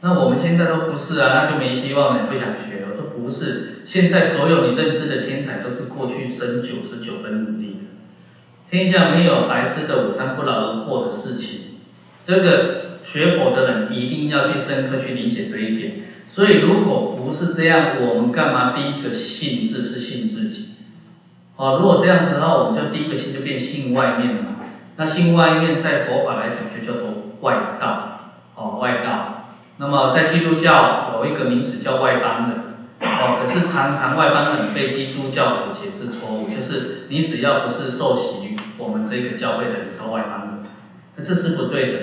那我們現在都不是啊，那就沒希望了，不想學了。我說不是，現在所有你認知的天才都是過去生九十九分努力的。天下沒有白吃的午餐，不勞而獲的事情。這個學佛的人一定要去深刻去理解這一點。所以如果不是這樣，我們幹嘛？第一個信字是信自己。好，哦，如果這樣子的話，我們就第一個信就變信外面了。那信外面在佛法來講就叫做外道。哦，外道。那麼在基督教有一個名詞叫外邦人，哦，可是常常外邦人被基督教的解釋錯誤，就是你只要不是受洗，我們這個教會的人都外邦人，那這是不對的，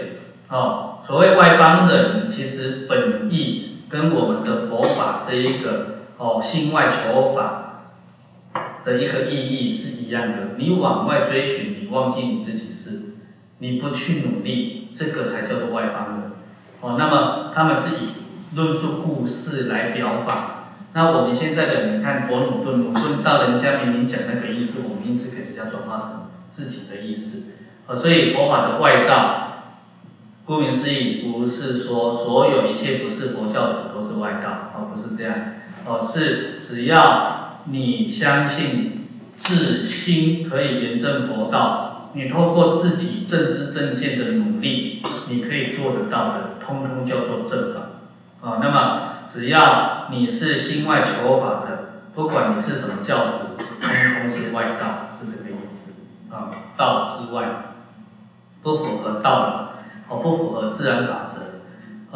哦，所謂外邦人其實本意跟我們的佛法這一個哦心外求法的一個意義是一樣的，你往外追尋，你忘記你自己是，你不去努力，這個才叫做外邦人。哦，那麼他們是以論述故事來表法。那我們現在的，你看《努頓論》，論到人家明明講那個意思，我們因此給人家轉化成自己的意思。啊、哦，所以佛法的外道，顧名思義，不是說所有一切不是佛教的都是外道，哦，不是這樣，哦，是只要你相信自心可以驗證佛道，你透過自己正知正見的努力，你可以做得到的。通通叫做正道，啊、哦，那麼只要你是心外求法的，不管你是什麼教徒，通通是外道，是這個意思，啊、哦，道之外，不符合道哦，不符合自然法則，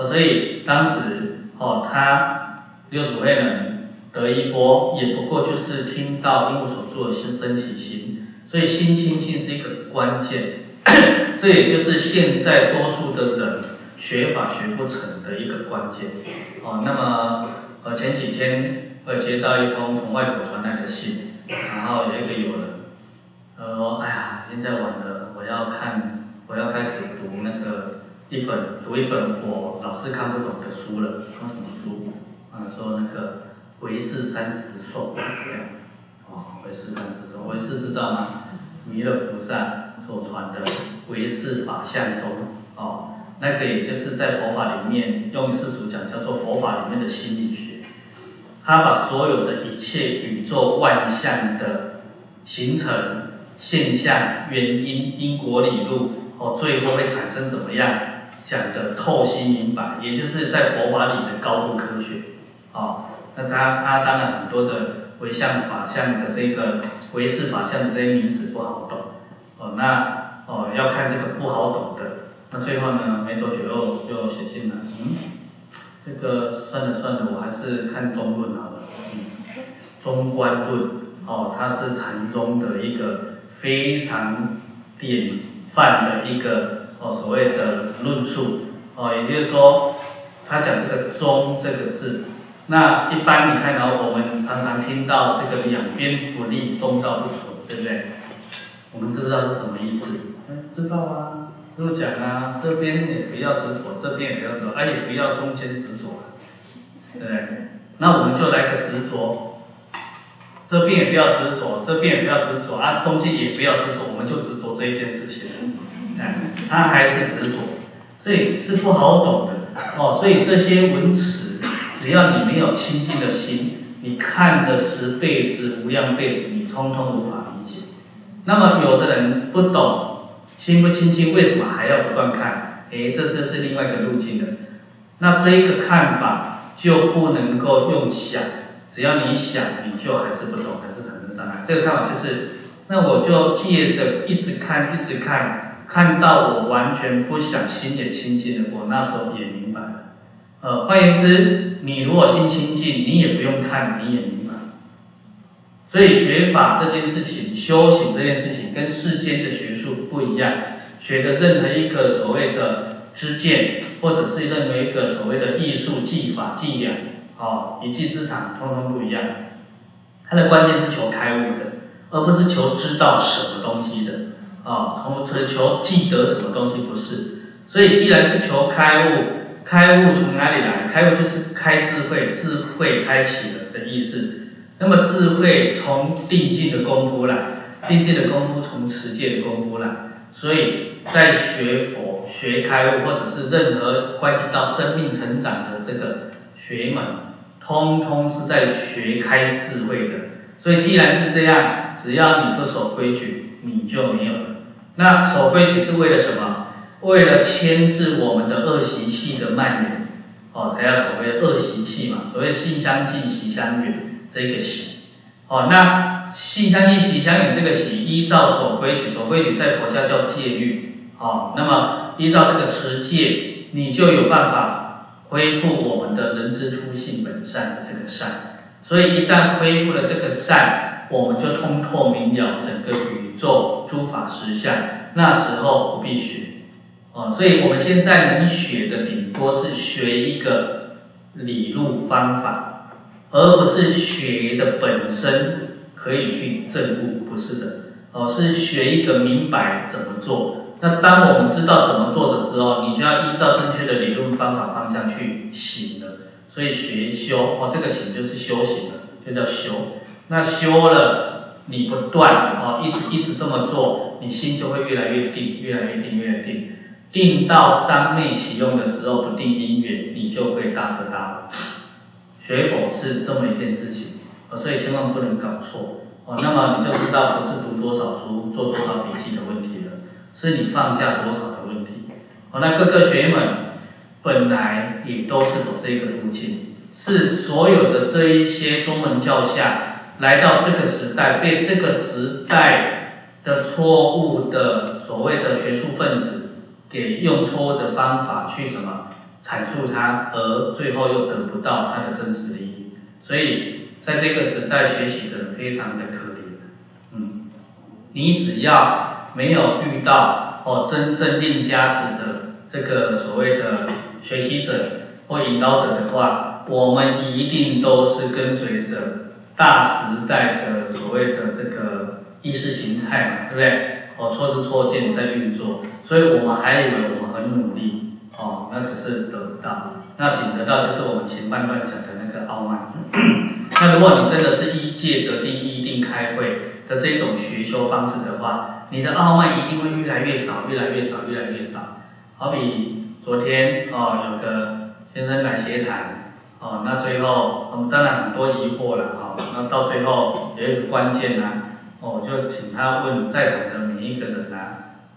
哦，所以當時哦，他六祖慧能得衣缽，也不過就是聽到應無所住而生其心，所以心清淨是一個關鍵， *coughs* 這也就是現在多數的人。學法學不成的一個關鍵，哦，那麼我前幾天我接到一封從外國傳來的信，然後有一個友人，他、呃、說：“哎呀，現在晚了，我要看，我要開始讀那個一本，讀一本我老是看不懂的書了。那什麼書？啊、嗯，說那個《唯識三十頌》這樣、啊，哦，《唯識三十頌》，唯識知道嗎？彌勒菩薩所傳的唯識法相中，哦。”那個也就是在佛法裡面，用世俗講，叫做佛法裡面的心理學，他把所有的一切宇宙萬象的形成現象、原因、因果理路哦，最後會產生怎麼樣，講得透心明白，也就是在佛法裡的高度科學哦。那他他當然很多的唯相法相的這個唯識法相的這些名詞不好懂哦，那哦要看這個不好懂的。那最後呢，沒多久又又寫信了。嗯，這個算了算了，我還是看中論好了。嗯，中觀論哦，它是禪宗的一個非常典範的一個哦所謂的論述。哦，也就是說，他講這個中這個字。那一般你看到我們常常聽到這個兩邊不立，中道不存，對不對？我們知不知道是什麼意思？嗯、欸，知道啊。這麼講啊，這邊也不要執着，這邊也不要執着，而、啊、也不要中間執着，對不對？那我們就來個執着，這邊也不要執着，這邊也不要執着，啊，中間也不要執着，我們就執着這一件事情，哎，他、啊、還是執着，所以是不好懂的哦。所以這些文詞，只要你沒有清淨的心，你看個十輩子、無量輩子，你通通無法理解。那麼有的人不懂，心不清淨，為什麼還要不斷看？誒，這次是另外一個路徑的。那這一個看法就不能夠用想，只要你想，你就還是不懂，還是很障礙。這個看法就是，那我就借着一直看，一直看，看到我完全不想，心也清淨了。我那時候也明白了。呃，換言之，你如果心清淨，你也不用看，你也。所以學法這件事情、修行這件事情，跟世間的學術不一樣。學的任何一個所謂的知見，或者是任何一個所謂的藝術技法、技能，哦，一技之長，通通不一樣。它的關鍵是求開悟的，而不是求知道什麼東西的，哦，從，從求記得什麼東西不是。所以既然是求開悟，開悟從哪裡來？開悟就是開智慧，智慧開啟了的意思。那麼智慧從定靜的功夫來，定靜的功夫從持戒的功夫來，所以在學佛、學開悟，或者是任何關係到生命成長的這個學問，通通是在學開智慧的。所以既然是這樣，只要你不守規矩，你就沒有了。那守規矩是為了什麼？為了牽制我們的惡習氣的蔓延哦，才叫所謂的惡習氣嘛，所謂性相近，習相遠。這個習哦，那性相近習相依，習相遠，這個習依照守規矩，守規矩在佛教叫戒律，哦，那麼依照這個持戒，你就有辦法恢復我們的人之初性本善的這個善，所以一旦恢復了這個善，我們就通透明了整個宇宙諸法實相，那時候不必學，哦，所以我們現在能學的頂多是學一個理路方法，而不是學的本身可以去證悟，不是的，哦，是學一個明白怎麼做。那當我們知道怎麼做的時候，你就要依照正確的理論方法方向去行了。所以學修，哦，這個行就是修行了，就叫修。那修了，你不斷，哦，一直一直這麼做，你心就會越來越定，越來越定，越來越定。定到三昧起用的時候，不定因緣，你就可以大徹大悟。學佛是這麼一件事情，哦、所以千萬不能搞錯哦。那麼你就知道不是讀多少書、做多少筆記的問題了，是你放下多少的問題。好、哦，那各個學員們本來也都是走這個路徑，是所有的這一些宗門教下，來到這個時代，被這個時代的錯誤的所謂的學術分子給用錯誤的方法去什麼？闡述它，而最後又得不到它的真實利益，所以在這個時代學習的非常的可憐。嗯，你只要沒有遇到哦真正練家子的這個所謂的學習者或引導者的話，我們一定都是跟隨着大時代的所謂的這個意識形態嘛，對不對？哦錯字錯鍵在運作，所以我們還以為我們很努力。哦，那可是得不到。那僅得到就是我們前半段講的那個傲慢。 *coughs* 那如果你真的是以戒得定，以定開慧的這種學修方式的話，你的傲慢一定會越來越少，越來越少，越來越少。好比昨天哦，有個先生來協談，哦，那最後我們、嗯、當然很多疑惑了哈、哦。那到最後有一個關鍵啦，我、哦、就請他問在場的每一個人吶。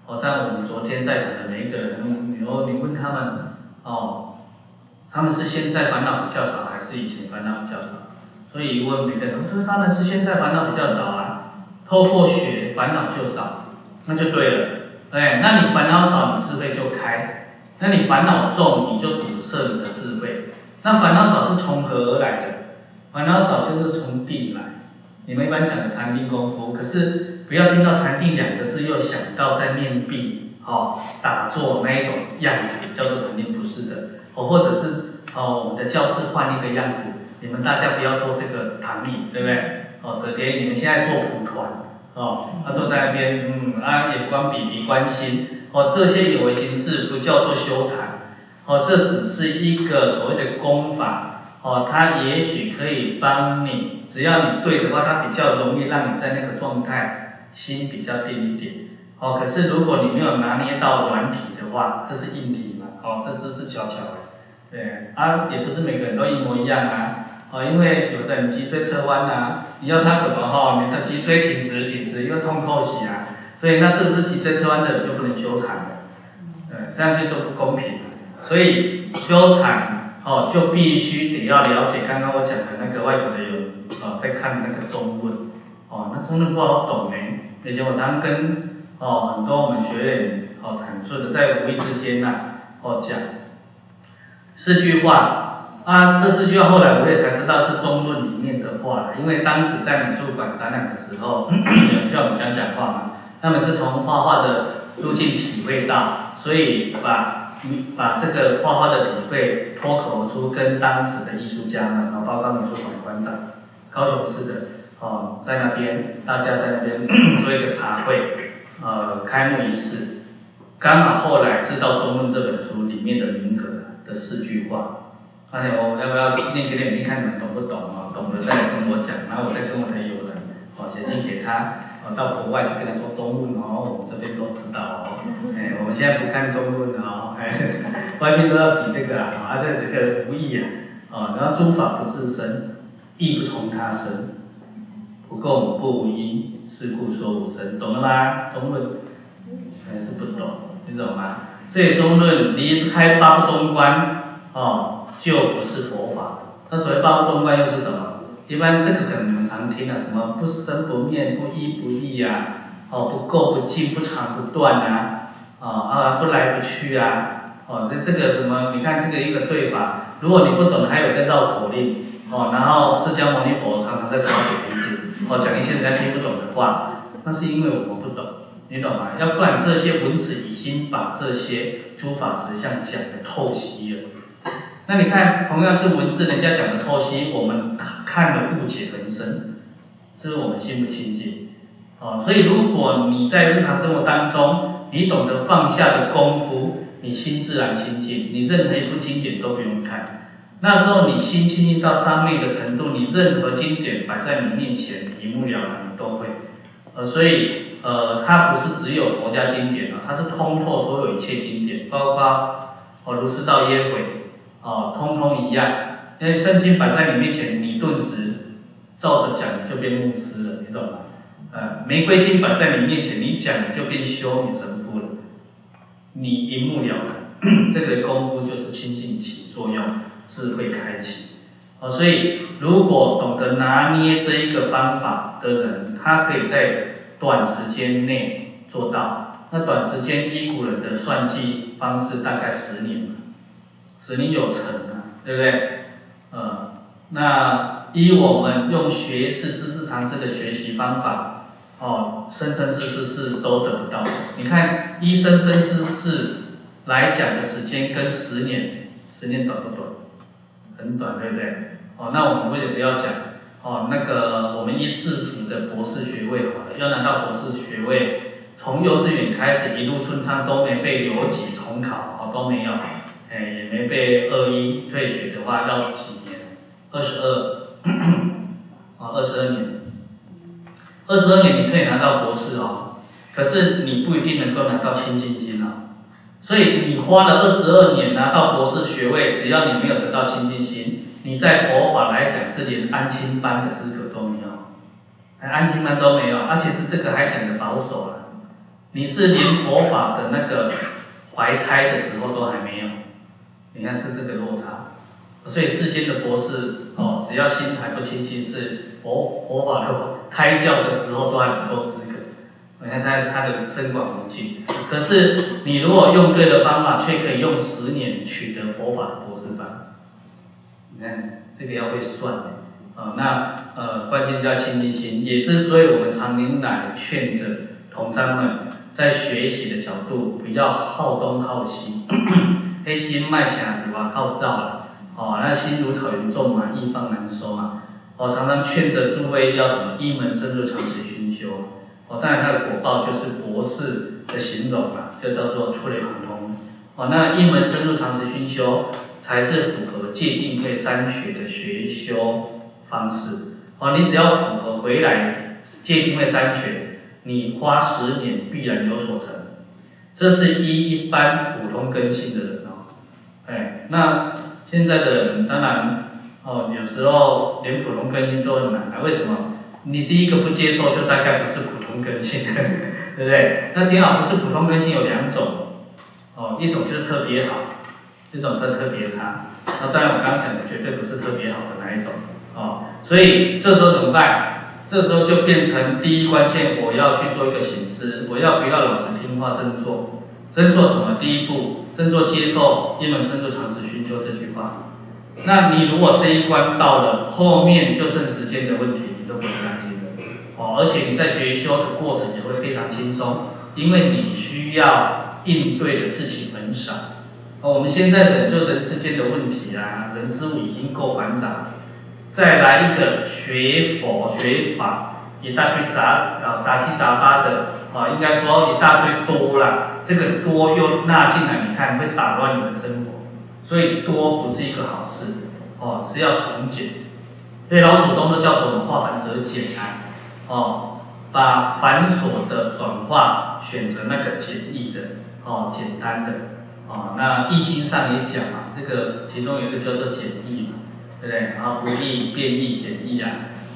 哦，但我們昨天在場的每一個人。然後、哦、你問他們，哦，他們是現在煩惱比較少，還是以前煩惱比較少？所以問每個人，我說他們是現在煩惱比較少啊，透過學煩惱就少，那就對了。哎，那你煩惱少，你智慧就開；那你煩惱重，你就堵塞你的智慧。那煩惱少是從何而來的？煩惱少就是從定來。你們一般講的禪定功夫，可是不要聽到禪定兩個字，又想到在面壁，哦，打坐那一種樣子叫做肯定不是的，哦，或者是哦，我們的教室換一個樣子，你們大家不要坐這個躺椅，對不對？哦，折疊你們現在坐蒲團，哦，他、啊、坐在那邊，嗯，啊，也關筆離關心，哦，這些有形式不叫做修禪，哦，這只是一個所謂的功法，哦，它也許可以幫你，只要你對的話，它比較容易讓你在那個狀態，心比較定一點。哦，可是如果你沒有拿捏到軟體的話，這是硬體嘛，哦，這只是小小的，對，啊，也不是每個人都一模一樣啊，哦，因為有的人脊椎側彎吶、啊，你要他怎麼吼、哦，你他脊椎挺直挺直，因為痛扣死啊，所以那是不是脊椎側彎的人就不能修禪了？對，這樣就不公平，所以修禪哦就必須得要了解剛剛我講的那個外國的友人哦，在看那個中文，哦，那中文不好懂呢、欸，那些我常跟。哦，很多我們學員好闡述的，在無意之間呢、啊，哦講四句話啊，這四句話後來我也才知道是中論裡面的話，因為當時在美術館展覽的時候，有人 *coughs* 叫我們講講話嘛，他們是從畫畫的路徑體會到，所以把把這個畫畫的體會脫口而出，跟當時的藝術家們，哦，包括美術館館長，高雄市的哦，在那邊大家在那邊 *coughs* 做一個茶會。呃，開幕儀式，剛好後來知道《中論》這本書裡面的名和的四句話，那、哎、我、哦、要不要念一念，聽，看你們看懂不懂啊、哦？懂得再跟我講，然後我再跟我朋友人，哦，寫信給他，哦，到國外去跟他說《中論》然後、哦、我們這邊都知道哦。哎，我們現在不看中論《中、哦、論》啊、哎，外面都要比這個啊，而、啊、在這個無易啊，啊、哦，然後諸法不自生，亦不從他生。不共不無因，是故說無生。懂了嗎？中論還是不懂，你懂嗎？所以中論離開八不中觀哦，就不是佛法。那所謂八不中觀又是什麼？一般這個可能你們常聽的、啊、什麼不生不滅、不一不異啊，哦，不垢不淨、不常不斷吶、啊，哦、啊，不來不去啊，哦，這這個什麼？你看這個一個對法，如果你不懂，還有個繞口令。哦，然後釋迦牟尼佛常常在說鬼名字，哦講一些人家聽不懂的話，那是因為我們不懂，你懂嗎？要不然這些文字已經把這些諸法實相講的透析了，那你看同樣是文字，人家講的透析，我們看的誤解很深，這是，是我們心不清淨。哦，所以如果你在日常生活當中，你懂得放下的功夫，你心自然清淨，你任何一部經典都不用看。那時候你心清淨到上面的程度，你任何經典擺在你面前一目了然，你都會。呃，所以呃，它不是只有佛家經典啊，它是通透所有一切經典，包括哦儒釋道耶回哦，通通一樣。因為聖經擺在你面前，你頓時照着講就變牧師了，你懂嗎？呃，玫瑰經擺在你面前，你講就變修女神父了，你一目了然。這個功夫就是清淨起作用。智慧開啟，哦，所以如果懂得拿捏這一個方法的人，他可以在短時間內做到。那短時間，依古人的算計方式大概十年嘛，十年有成啊，對不對？呃，那以我們用學識、知識、常識的學習方法，哦，生生世世世都得不到。你看，依生生世世來講的時間跟十年，十年短不短？很短，對不對？哦，那我們為了不要講，哦，那個我們一四十的博士學位好了，要拿到博士學位，從幼稚園開始一路順暢，都沒被留級重考，哦，都沒有，哎，也沒被二一退學的話要幾年？二十二，哦，二十二年，二十二年你可以拿到博士哦，可是你不一定能夠拿到清淨心哦。所以你花了二十二年拿到博士學位，只要你沒有得到清淨心，你在佛法來講是連安親班的資格都沒有，安親班都沒有，而且是這個還講得保守了，你是連佛法的那個懷胎的時候都還沒有，你看是這個落差，所以世間的博士哦，只要心態不清淨，是佛佛法的胎教的時候都還不夠資格。你看他，他的深廣無盡，可是你如果用對的方法，卻可以用十年取得佛法的博士班。你看這個要會算的，啊、哦，那呃關鍵叫清淨心。也之所以我們常年來勸着同參們，在學習的角度不要好東好西，黑咳咳心賣假、啊，就怕靠灶了，哦，那心如草原種嘛，一方難收嘛。我、哦、常常勸着諸位要什麼一門深入時訓，長期熏修。哦，當然它的果報就是博士的形容嘛，就叫做出類拔萃。哦，那一門深入長時熏修才是符合戒定慧三學的學修方式。哦，你只要符合回來戒定慧三學，你花十年必然有所成。這是一一般普通根性的人哦。哎，那現在的人當然，哦，有時候連普通根性都很難，為什麼？你第一個不接受，就大概不是普通根性，對不對？那挺好，不是普通根性有兩種，哦，一種就是特別好，一種就是特別差。那當然我剛剛講的絕對不是特別好的哪一種，哦，所以這時候怎麼辦？這時候就變成第一關鍵，我要去做一個省思，我要不要老實聽話真做，真做什麼？第一步，真做接受，一門深入，長時薰修這句話。那你如果這一關到了，後面就剩時間的問題。都不用擔心的，哦，而且你在學修的過程也會非常輕鬆，因為你需要應對的事情很少。哦、我們現在人就人世間的問題啊，人事物已經夠繁雜，再來一個學佛學法，一大堆雜啊雜七雜八的，啊、哦，應該說一大堆多啦，這個多又納進來，你看會打亂你的生活，所以多不是一個好事，哦，是要從簡。所以老祖宗都教我們“化繁則簡”啊，哦，把繁瑣的轉化選擇那個簡易的，哦，簡單的，哦，那易經上也講啊，這個其中有一個叫做簡易嘛，對不對？然後不易、變易、簡易啊，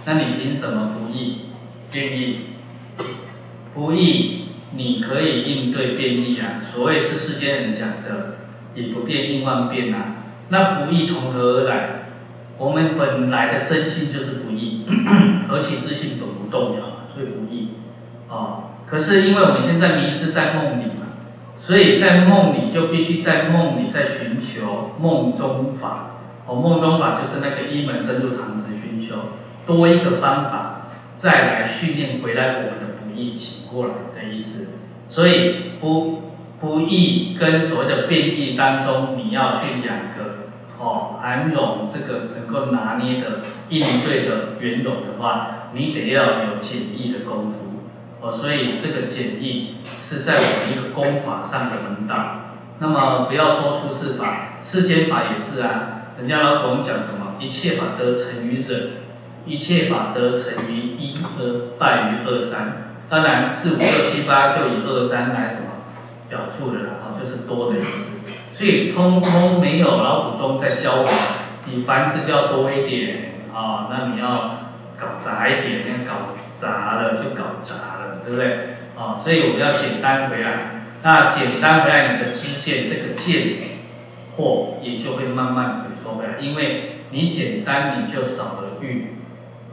那你憑什麼不易、變易？不易，你可以應對變易啊。所謂是世間人講的“以不變應萬變”啊，那不易從何而來？我們本來的真性就是不易，何期自性本不動搖，所以不易。啊、哦，可是因為我們現在迷失在夢裡嘛，所以在夢裡就必須在夢裡在尋求夢中法。哦，夢中法就是那個一門深入長時薰修，多一個方法再來訓練回來我們的不易，醒過來的意思。所以不不易跟所謂的變異當中，你要去兩個。哦，安忍這個能夠拿捏的、應對的、圓融的話，你得要有簡易的功夫。哦，所以這個簡易是在我們一個功法上的門道。那麼不要說出世法，世間法也是啊。人家老佛講什麼？一切法得成於忍，一切法得成於一而敗於二三。當然四五六七八就以二三來什麼表述的啦，哦，就是多的意思。所以通通沒有老祖宗在教我們，你凡事就要多一點啊、哦，那你要搞雜一點，那搞雜了就搞砸了，對不對？啊、哦、所以我們要簡單回來，那簡單回來，你的知見這個見惑也就會慢慢回萎縮回來，因為你簡單，你就少了欲，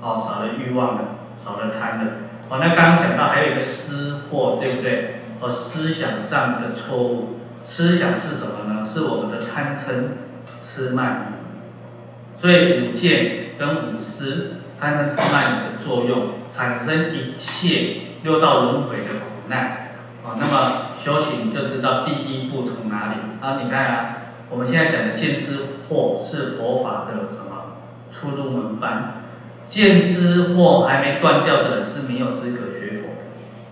哦，少了欲望了少了貪了。哦，那剛剛講到還有一個思惑，對不對？和思想上的錯誤。思想是什麼呢？是我們的貪嗔痴慢疑，所以五見跟五思貪嗔痴慢疑的作用，產生一切六道輪回的苦難。哦、那麼修行就知道第一步從哪裡。好、啊，你看啊，我們現在講的見思惑，是佛法的什麼初入門班？見思惑還沒斷掉的人是沒有資格學佛的，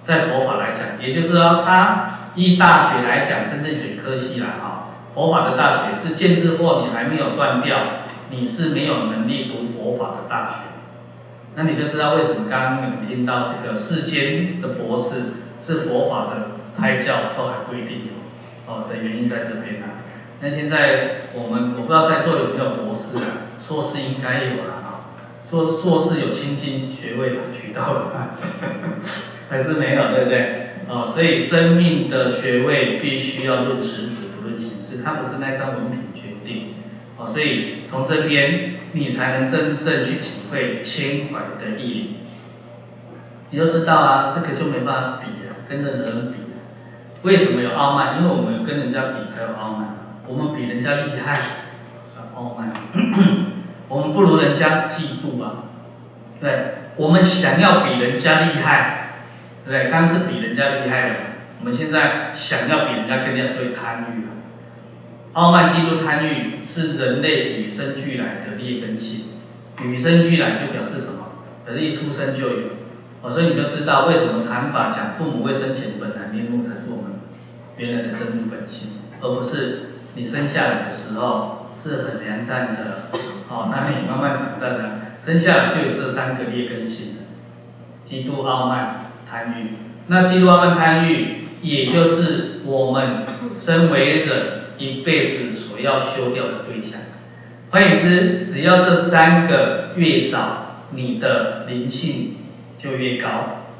在佛法來講，也就是說他。以大學來講，真正學科系啦，哈，佛法的大學是見思惑，你還沒有斷掉，你是沒有能力讀佛法的大學，那你就知道為什麼剛剛你們聽到這個世間的博士是佛法的胎教都還不一定有哦，哦的原因在這邊呢、啊。那現在我們我不知道在座有沒有博士啊，碩士應該有了啊，說碩，碩士有清淨學位的渠道了， *laughs* 還是沒有，對不對？哦，所以生命的學位必須要論實質，不論形式，它不是那張文憑決定。哦，所以從這邊你才能真正去體會謙懷的意念。你就知道啊，這個就沒辦法比了、啊，跟任何人比、啊。為什麼有傲慢？因為我們跟人家比才有傲慢。我們比人家厲害，傲慢。 *coughs* 我們不如人家，嫉妒啊。對，我們想要比人家厲害。對，但是比人家厲害了。我們現在想要比人家更，跟人家所以貪欲了、傲慢、嫉妒、貪欲是人類與生俱來的劣根性。與生俱來就表示什麼？表示一出生就有，所以你就知道為什麼禪法講父母未生前本來面目才是我們原來的真本性，而不是你生下來的時候是很良善的。哦，那你慢慢長大的，生下來就有這三個劣根性：嫉妒、傲慢。貪欲，那嫉妒、傲慢、貪欲，也就是我們身為人一輩子所要修掉的對象。換言之，只要這三個越少，你的靈性就越高，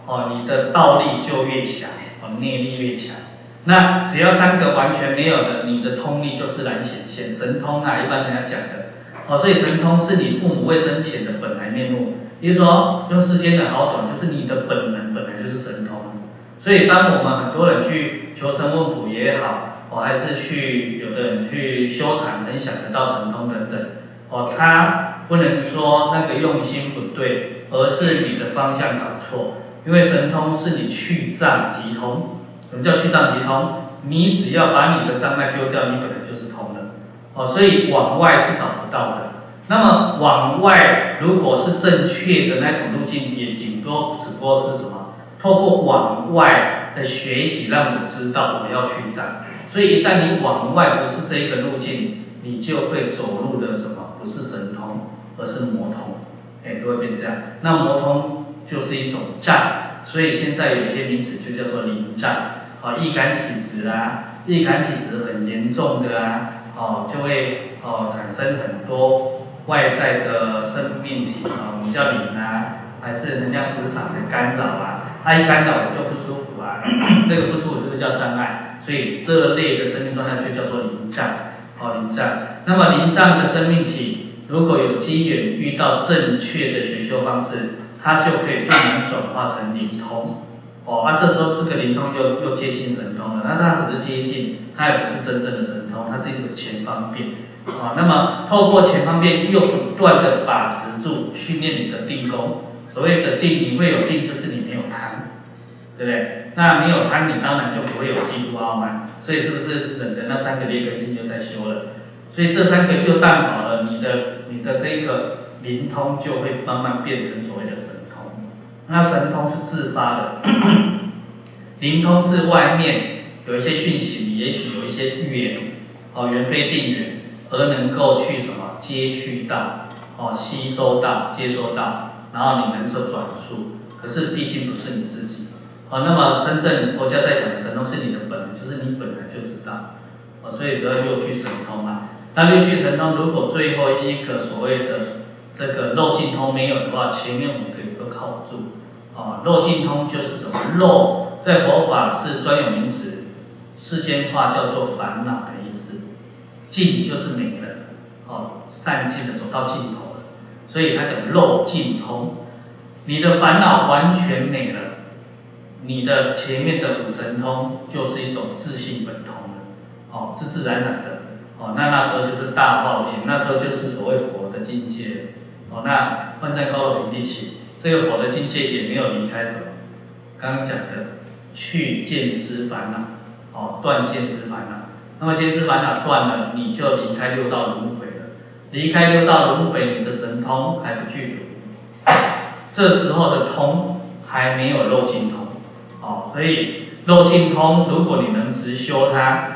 哦，你的道力就越強，哦，內力越強。那只要三個完全沒有的，你的通力就自然顯現神通啊，一般人家講的。哦，所以神通是你父母未生前的本來面目。比如說，用世間的好懂，就是你的本能本來就是神通，所以當我們很多人去求神問卜也好，哦，還是去有的人去修禪，能想得到神通等等，哦，他不能說那個用心不對，而是你的方向搞錯，因為神通是你去障即通，什麼叫去障即通？你只要把你的障礙丟掉，你本來就是通的，哦，所以往外是找不到的。那麼往外，如果是正確的那種路徑，也頂多只不過是什麼？透過往外的學習，讓我知道我們要去站，所以一旦你往外不是這一個路徑，你就會走入的什麼？不是神通，而是魔通，欸，都會變這樣。那魔通就是一種站，所以現在有些名詞就叫做靈站，哦，易感體質啊，易感體質很嚴重的啊，哦，就會哦產生很多。外在的生命體啊，我們、哦、叫靈啊，還是人家磁場的干擾啊，它一干擾我就不舒服啊，咳咳，這個不舒服是不是叫障礙？所以這類的生命狀態就叫做靈障，哦，靈障。那麼靈障的生命體，如果有機緣遇到正確的學修方式，它就可以慢慢轉化成靈通，哦，那、啊、這時候這個靈通又又接近神通了，那它只是接近，它也不是真正的神通，它是一種前方便。啊，那麼透過前方便又不斷的把持住，訓練你的定功。所謂的定，你會有定，就是你沒有貪，對不對？那沒有貪，你當然就不會有嫉妒傲慢。所以是不是等着那三個劣根性就在修了？所以這三個又淡薄了，你的你的這個靈通就會慢慢變成所謂的神通。那神通是自發的，靈咳咳通是外面有一些訊息，也許有一些預言。哦，緣非定緣。而能夠去什麼接續到，哦，吸收到，接收到，然後你能夠轉述，可是畢竟不是你自己，好、哦，那麼真正佛教在講的神通是你的本，就是你本來就知道，哦，所以說六趣神通嘛、啊。那六趣神通如果最後一個所謂的這個漏盡通沒有的話，前面我們可以都靠不住，哦，漏盡通就是什麼漏，在佛法是專有名詞，世間話叫做煩惱的意思。盡就是沒了，哦，善盡了，走到盡頭了，所以他講漏盡通，你的煩惱完全沒了，你的前面的五神通就是一種自性本通了，哦，是自然而然的，哦，那那時候就是大報行，那時候就是所謂佛的境界了，哦，那換在高維地起，這個佛的境界也沒有離開什麼，剛剛講的去見思煩惱，哦，斷見思煩惱。那麼，見思煩惱斷了，你就離開六道輪迴了。離開六道輪迴，你的神通還不具足，這時候的通還沒有漏盡通。哦，所以漏盡通，如果你能直修它，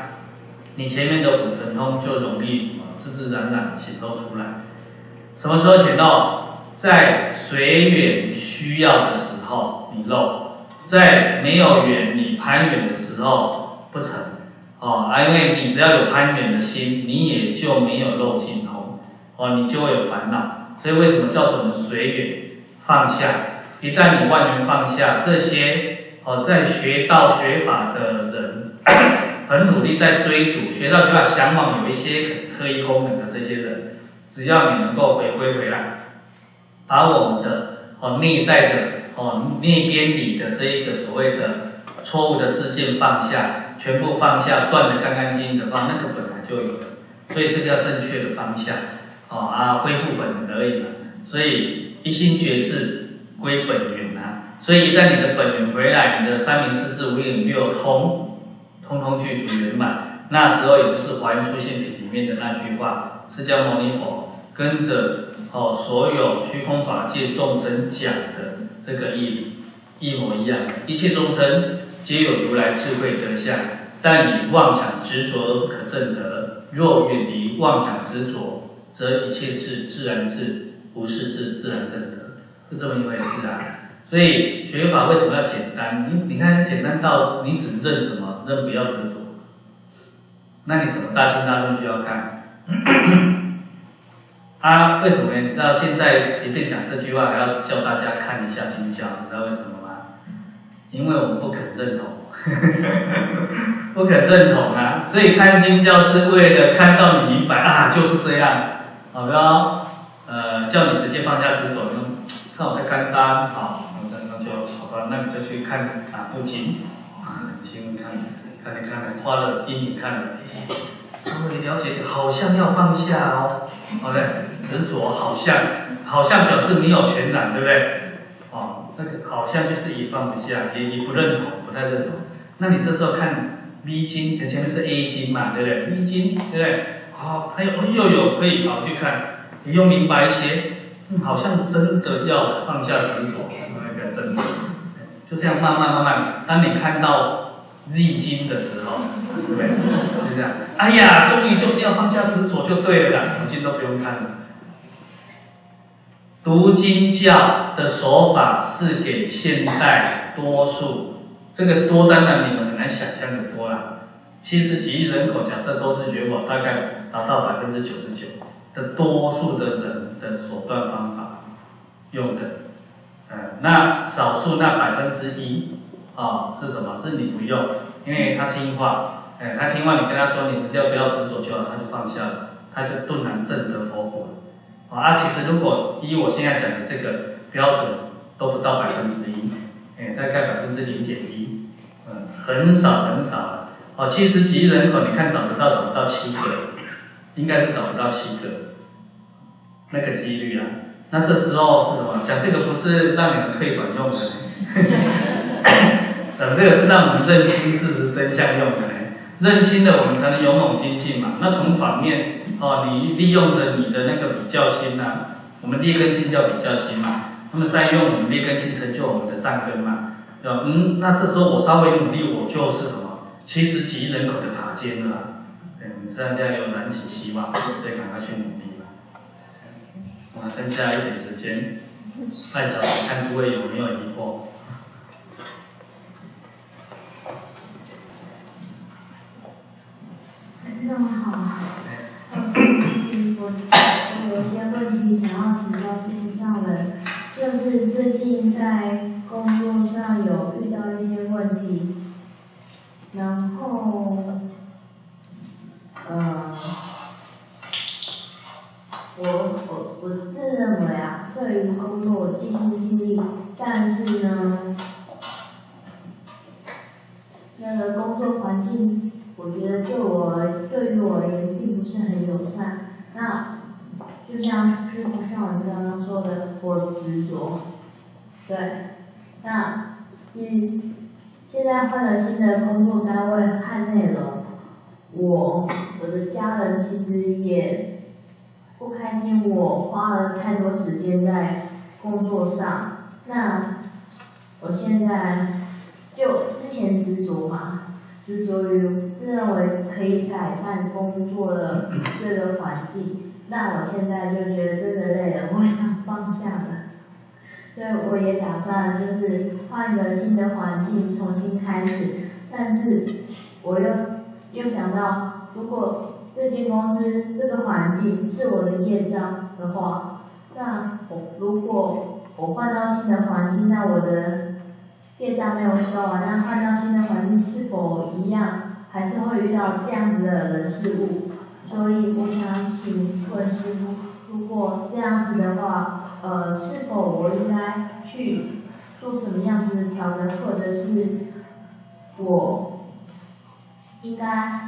你前面的五神通就容易什麼，自自然然顯露出來。什麼時候顯露？在隨緣需要的時候你露，在沒有緣你攀緣的時候不成。哦，啊，因為你只要有攀緣的心，你也就沒有漏盡通，哦，你就會有煩惱。所以為什麼叫做我們隨緣放下？一旦你萬緣放下這些，哦，在學道學法的人，咳咳很努力在追逐、學道學法、嚮往有一些很特異功能的這些人，只要你能夠回歸回來，把我們的哦內在的哦內邊裡的這一個所謂的錯誤的自見放下。全部放下，斷得乾乾淨淨的放，那個本來就有的，所以這個叫正確的方向，好、哦、啊，恢復本源而已嘛。所以一心覺智歸本源啊，所以一旦你的本源回來，你的三明四智、五眼六通，通通具足圓滿。那時候也就是《華嚴出現品》裡面的那句話，釋迦牟尼佛跟着哦，所有虛空法界眾生講的這個意義，一模一樣，一切眾生，皆有如來智慧德相，但以妄想執着而不可證得。若遠離妄想執着，則一切智自然智，不是智自然證得，是這麼一回事啊。所以學法為什麼要簡單？你你看簡單到你只認什麼？認不要執着。那你什麼大經大論需要看咳咳咳？啊，為什麼呢？你知道現在即便講這句話，還要叫大家看一下經教，你知道為什麼？.因為我們不肯認同呵呵呵，不肯認同啊，所以看經教是為了看到你明白啊，就是這樣，好，哥，呃，叫你直接放下執着，你看我在看單好，那就好吧，那你就去看啊部經？啊，經、啊、看看，看你看的花了陰影看了，他稍微了解好像要放下哦，對不執着好像好像表示你有全然，對不對？那個好像就是已放不下，也也不認同，不太認同。那你這時候看 B 經，前面是 A 經嘛，對不對？B 經，對不對？好、哦，還有又、哦、有，有可以好、哦、去看你又明白一些。好像真的要放下執着，這樣正，就這樣慢慢慢慢。當你看到 Z 經的時候，對不對？就這樣，哎呀，終於就是要放下執着就對了啦，什麼經都不用看了。讀經教的手法是給現代多數，這個多單的你們很難想象的多啦。七十幾億人口，假設都是學佛，大概達到百分之九十九的多數的人的手段方法用的，嗯，那少數那百分之一啊是什麼？是你不用，因為他聽話，哎、嗯，他聽話，你跟他說，你只要不要執着就好，他就放下了，他就頓然證得佛果。啊，其實如果以我現在講的這個標準，都不到百分之一，誒，大概百分之零點一，嗯、呃，很少很少了。哦，七十幾億人口，你看找得到找不到七個？應該是找不到七個，那個幾率啊。那這時候是什麼？講這個不是讓你們退轉用的， *laughs* 講這個是讓你們認清事實真相用的。認清了，我們才能勇猛精進嘛。那從反面。哦，你利用着你的那個比較心吶、啊，我們劣根性叫比較心嘛、啊，他們在用我們劣根性成就我們的善根嘛，對吧？嗯，那這時候我稍微努力，我就是什麼？七十幾億人口的塔尖了、啊，對，我們現在這樣有燃起希望，所以趕快去努力嘛。我、啊、還剩下一點時間，半小時，看諸位有沒有疑惑。早上好。嗯，我有一些問題想要請教師上人，就是最近在工作上有遇到一些問題，然後，呃，我我我自認為呀、啊，對於工作盡心盡力，但是呢，那個工作環境。我覺得對我，對我對於我而言並不是很友善。那就像師父像我剛剛說的，我執着。對。那因現在換了新的工作單位，太累了。我我的家人其實也不開心，我花了太多時間在工作上。那我現在就之前執着嘛，執着於。自認為可以改善工作的這個環境，那我現在就覺得真的累了，我想放下了。所以我也打算就是換個新的環境重新開始，但是我又又想到，如果這間公司這個環境是我的業障的話，那我如果我換到新的環境，那我的業障沒有消完，那換到新的環境是否一樣？還是會遇到這樣子的人事物，所以我想請問師父，如果這樣子的話，呃，是否我應該去做什麼樣子的調整，或者是我應該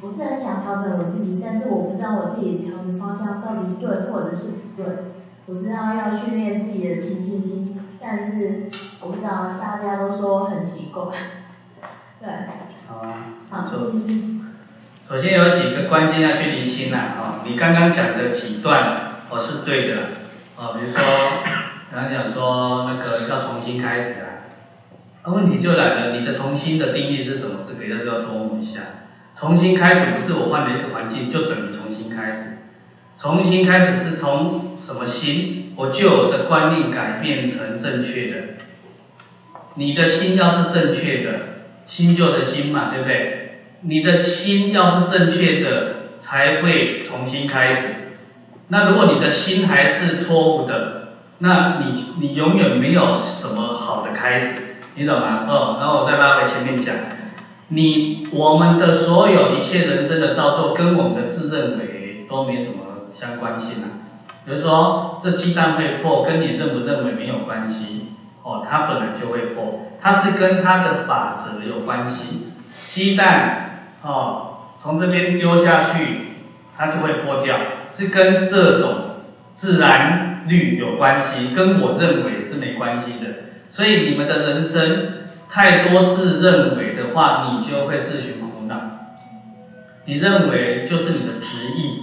不是很想調整我自己，但是我不知道我自己的調整方向到底對或者是不對。我知道要訓練自己的親近心，但是我不知道大家都說我很奇怪。對，好啊，好，首先以，首先有幾個關鍵要去理清啦、啊，啊、哦，你剛剛講的幾段，我、哦、是對的，啊、哦，比如說，剛剛講說那個要重新開始啊，那、啊、問題就來了，你的重新的定義是什麼？這個要要琢磨一下，重新開始不是我換了一個環境就等於重新開始，重新開始是從什麼心，我舊的觀念改變成正確的，你的心要是正確的。新舊的心嘛，對不對？你的心要是正確的，才會重新開始。那如果你的心還是錯誤的，那你你永遠沒有什麼好的開始，你懂嗎、啊？是然後我再拉回前面講，你我們的所有一切人生的造作，跟我們的自認為都沒什麼相關性嘛、啊。比如說，這雞蛋會破，跟你認不認為沒有關係。哦，它本來就會破，它是跟它的法則有關係。雞蛋，哦，從這邊丟下去，它就會破掉，是跟這種自然律有關係，跟我認為是沒關係的。所以你們的人生太多自認為的話，你就會自尋苦惱。你認為就是你的執意，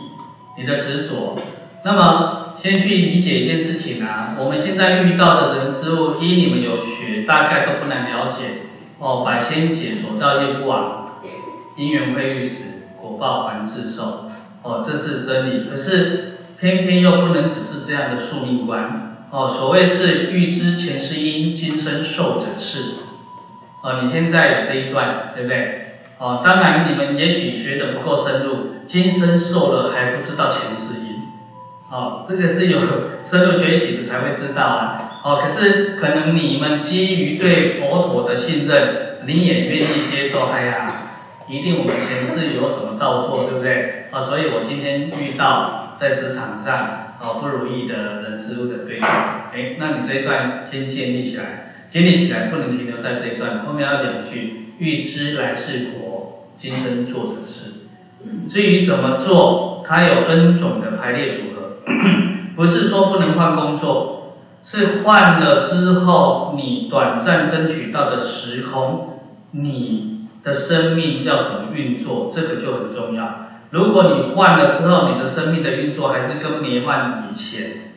你的執着，那麼。先去理解一件事情啊，我們現在遇到的人事物，依你們有學，大概都不難了解。哦，百千劫所造業不亡，啊，因緣會遇時，果報還自受。哦，這是真理。可是，偏偏又不能只是這樣的宿命觀。哦，所謂是欲知前世因，今生受者是。哦，你現在有這一段，對不對？哦，當然你們也許學得不夠深入，今生受了還不知道前世因。哦，這個是有深入學習的才會知道啊。哦，可是可能你們基於對佛陀的信任，你也願意接受。哎呀，一定我們前世有什麼造作，對不對？啊、哦，所以我今天遇到在職場上哦不如意的人事物的對。哎，那你這一段先建立起來，建立起來不能停留在這一段，後面要兩句，欲知來世果，今生做者是，至於怎麼做，它有 N 種的排列組合。 *coughs* 不是說不能換工作，是換了之後你短暫爭取到的時空，你的生命要怎麼運作，這個就很重要。如果你換了之後，你的生命的運作還是跟沒換以前，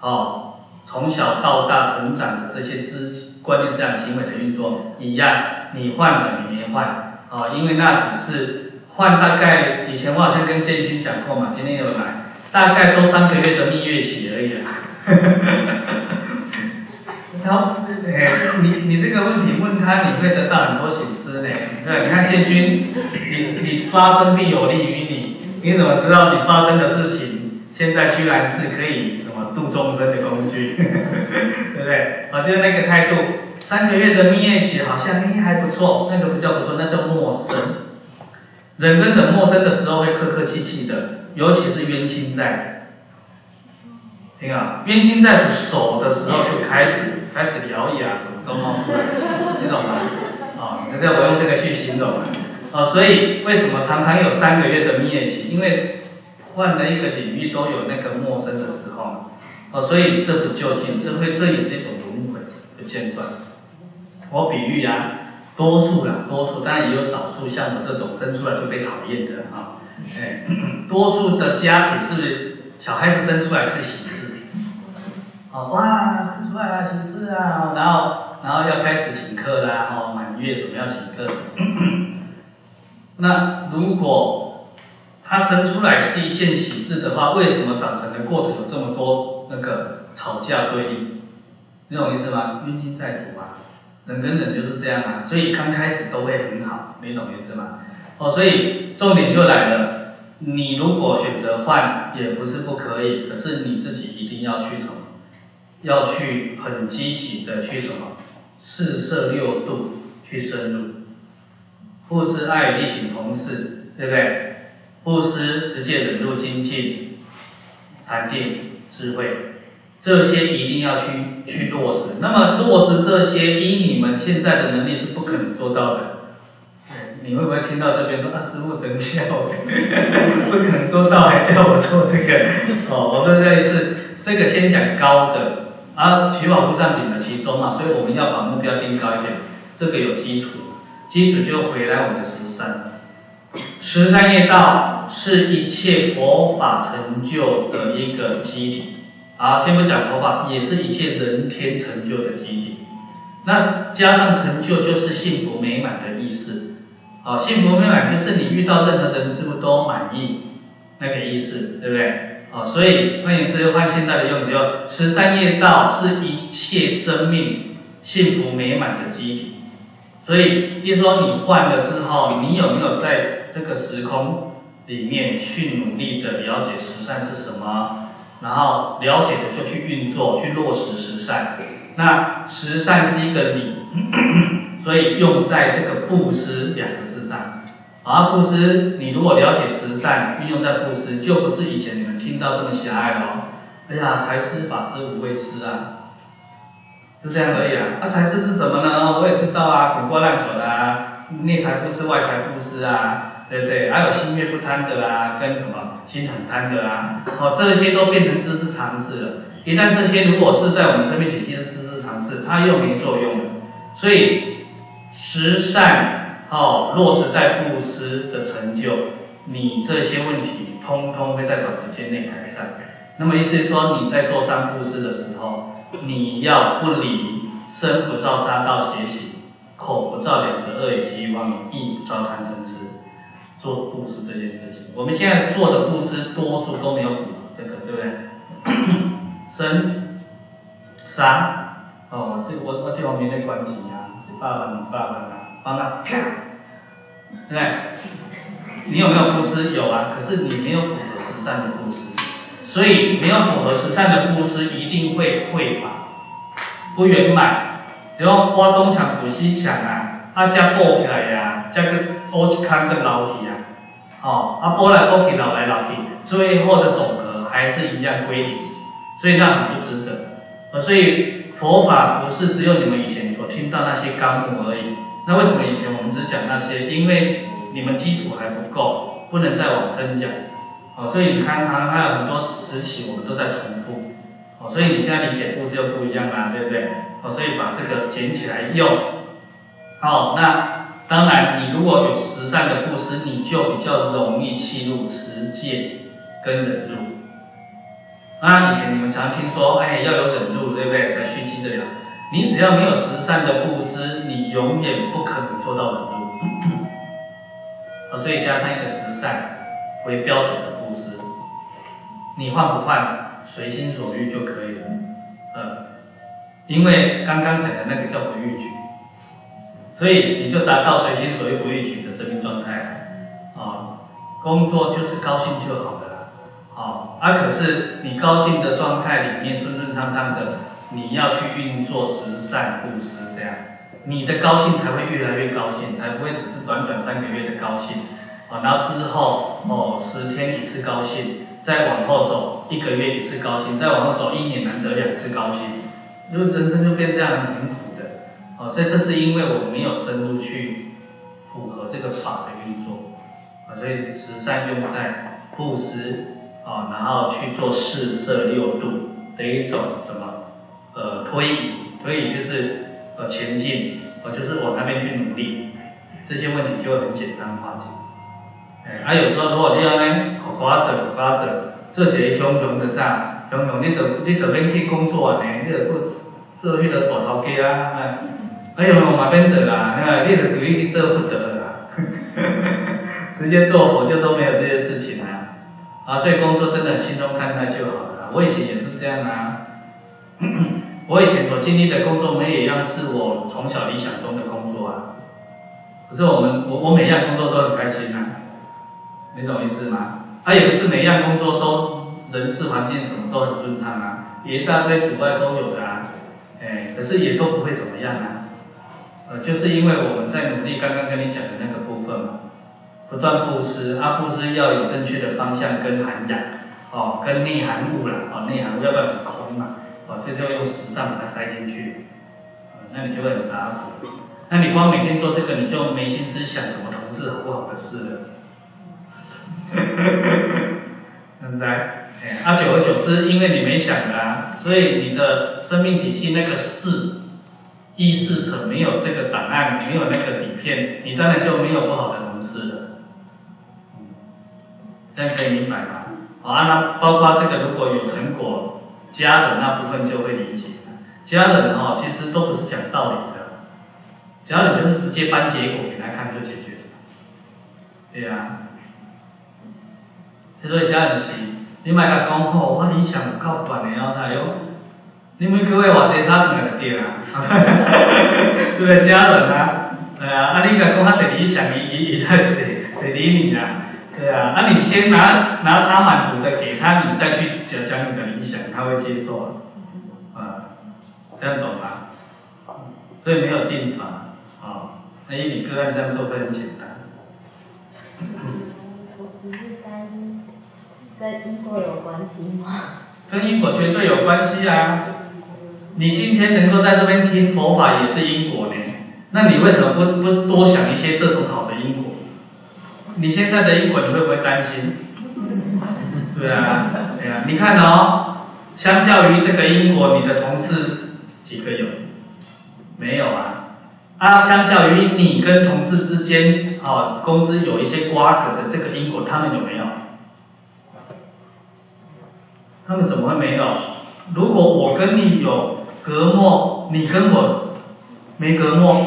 哦，從小到大成長的這些知己，觀念思想行為的運作一樣，你換了，你沒換，哦，因為那只是換大概，以前我好像跟建軍講過嘛，今天又來。大概都三個月的蜜月期而已啊， *laughs* 他說、欸，你你這個問題問他，你會得到很多省思。對，你看建軍，你你發生必有利於你，你怎麼知道你發生的事情，現在居然是可以什麼度眾生的工具， *laughs* 對不對？我覺得那個態度，三個月的蜜月期好像，哎、欸，還不錯。那個不叫不錯，那是陌生，人跟人陌生的時候會客客氣氣的。尤其是冤親債主，聽啊，冤親債主熟的時候就開始開始搖曳啊，什麼都冒出來，你懂嗎？哦，那是我用這個去形容啊。哦，所以為什麼常常有三個月的蜜月期？因為換了一個領域都有那個陌生的時候嘛，哦。所以這不就近，這會這也是一種輪迴的間斷。我比喻啊多數啦，多數，當然也有少數，像我這種生出來就被討厭的啊。哦哎，多數的家庭是不是小孩子生出來是喜事？好、哦、哇，生出來了、啊、喜事啊，然後然後要開始請客啦，哦滿月怎麼要請客咳咳？那如果他生出來是一件喜事的話，為什麼長成的過程有這麼多那個吵架對立？你懂我意思嗎？冤親債主嘛、啊，人跟人就是這樣啊，所以剛開始都會很好，你懂我意思嗎？哦，所以重點就來了，你如果選擇換也不是不可以，可是你自己一定要去什麼，要去很積極的去什麼，四攝六度去深入，布施、愛語、利行、同事，對不對？布施、持戒、忍辱、精進，禪定、智慧，這些一定要去去落實。那麼落實這些，以你們現在的能力是不可能做到的。你會不會聽到這邊說啊？師父真笑呵呵，不可能做到，還叫我做這個？哦，我的意思是，這個先講高的，啊，取法乎上，僅得其中嘛，所以我們要把目標定高一點。這個有基礎，基礎就回來我們的十三，十三業道是一切佛法成就的一個基底。好、啊，先不講佛法，也是一切人天成就的基底。那加上成就，就是幸福美滿的意思。好、哦，幸福美滿就是你遇到任何人是不是都滿意那個意思，對不對？好、哦，所以換言之，換現在的用詞，叫十善業道是一切生命幸福美滿的基底。所以，一說你換了之後，你有沒有在這個時空裡面去努力的了解十善是什麼？然後了解的就去運作、去落實十善。那十善是一個理。 *coughs* 所以用在這個布施兩個字上好，而布施你如果了解十善，運用在布施，就不是以前你們聽到這麼狹隘嘍、哦。哎呀，財施、法施、無畏施啊，就這樣而已啊。那財施是什麼呢？我也知道啊，苦瓜爛果啦、啊，內財布施、外財布施啊，對不對？還、啊、有心月不貪得啊，跟什麼心坦貪得啊，哦，這些都變成知識常識了。一旦這些如果是在我們生命體系是知識常識，它又沒作用了所以。十善哦，落實在布施的成就，你這些問題通通會在短時間內改善。那麼意思是說，你在做三布施的時候，你要不離身不造殺盜邪行，口不造兩舌惡語及妄語，意不造貪嗔痴，做布施這件事情。我們現在做的布施多數都沒有什麼這個，對不對？咳咳身，三哦，這我記我這我，我沒在管理啊。爸爸，你爸爸呢？好，那啪，對不對？你有沒有故事？有啊，可是你沒有符合時尚的故事，所以沒有符合時尚的故事一定會匱乏，不圓滿。只要挖東牆補西牆啊，啊加補起來呀，加個凹起跟凹起呀，哦，啊補、啊啊、來凹起，凹來凹起，最後的總和還是一樣歸零，所以那很不值得，所以。佛法不是只有你們以前所聽到那些綱目而已。那為什麼以前我們只講那些？因為你們基礎還不夠，不能再往深講。哦，所以你看，常常還有很多時期我們都在重複。哦，所以你現在理解故事又不一樣啦，啊，對不對？哦，所以把這個撿起來用。哦，那當然，你如果有實戰的故事，你就比較容易切入實踐跟忍辱。啊，以前你們常聽說，哎，要有忍辱，對不對？才修心的呀。你只要沒有十善的布施，你永遠不可能做到忍辱，啊。所以加上一個十善為標準的布施，你換不換隨心所欲就可以了。呃、啊，因為剛剛講的那個叫做逾矩。所以你就達到隨心所欲不逾矩的生命狀態啊，工作就是高興就好了。哦，啊，可是你高興的狀態裡面順順暢暢的，你要去運作慈善布施這樣，你的高興才會越來越高興，才不會只是短短三個月的高興，哦，然後之後哦十天一次高興，再往後走一個月一次高興，再往後走一年難得兩次高興，就人生就變這樣很苦的，哦，所以這是因為我沒有深入去符合這個法的運作，啊，所以慈善用在布施。啊、哦，然後去做四攝六度的一種什麼呃推移，推移就是呃前進，呃就是往那邊去努力，這些問題就很簡單化解。誒、哎，還有時候如果你要這樣咧，發展發展，這些胸痛的債胸痛，你都你都免去工作啊，你都做社會了大頭雞啊，哎喲，往那邊走啦，你你都等於做不得啦，直接做佛就都沒有這些事情。啊，所以工作真的輕鬆，看待就好了，啊。我以前也是這樣啊， *coughs* 我以前所經歷的工作沒有一樣是我從小理想中的工作啊。可是我們，我我每一樣工作都很開心啊，你懂意思嗎？他，、啊、也不是每一樣工作都人事環境什麼都很順暢啊，也一大堆阻礙都有的啊，哎、欸，可是也都不會怎麼樣啊。呃，就是因為我們在努力，剛剛跟你講的那個。不斷布施，啊，布施要有正確的方向跟涵養，哦，跟內涵物啦，哦，內涵物要不要空啦、啊？哦，這是要用實相把它塞進去，那你就會很扎實。嗯、那你光每天做這個，你就沒心思想什麼同事好不好的事了。呵呵呵呵，現在，啊，久而久之，因為你沒想啊，所以你的生命體系那個事，意識層沒有這個檔案，沒有那個底片，你當然就沒有不好的同事了。這樣可以明白嗎？哦、啊，那包括這個，如果有成果，家人那部分就會理解。家人哦，其實都不是講道理的，家人就是直接搬結果給他看就解決。對呀、啊。所以家人是，你買個講吼，我理想夠辦的了，他喲，你們各位我坐車轉來的店啊。哈哈 *laughs* *laughs* 對家人啊，對啊，啊你甲講哈，誰理想，你伊伊在誰誰理你啊？對啊，那、啊、你先拿拿他滿足的給他，你再去講講你的理想，他會接受啊，啊，這樣懂吧、啊？所以沒有定法啊，那、哎、依你個案這樣做會很簡單。我我是擔心在因果有關係嗎？跟因果絕對有關係啊！你今天能夠在這邊聽佛法也是因果呢，那你為什麼不不多想一些這種好的因果？你現在的因果你會不會擔心？對啊，對啊，你看哦，相較於這個因果，你的同事幾個有？沒有啊？啊，相較於你跟同事之間哦，啊，公司有一些瓜葛的這個因果，他們有沒有？他們怎麼會沒有？如果我跟你有隔膜，你跟我沒隔膜，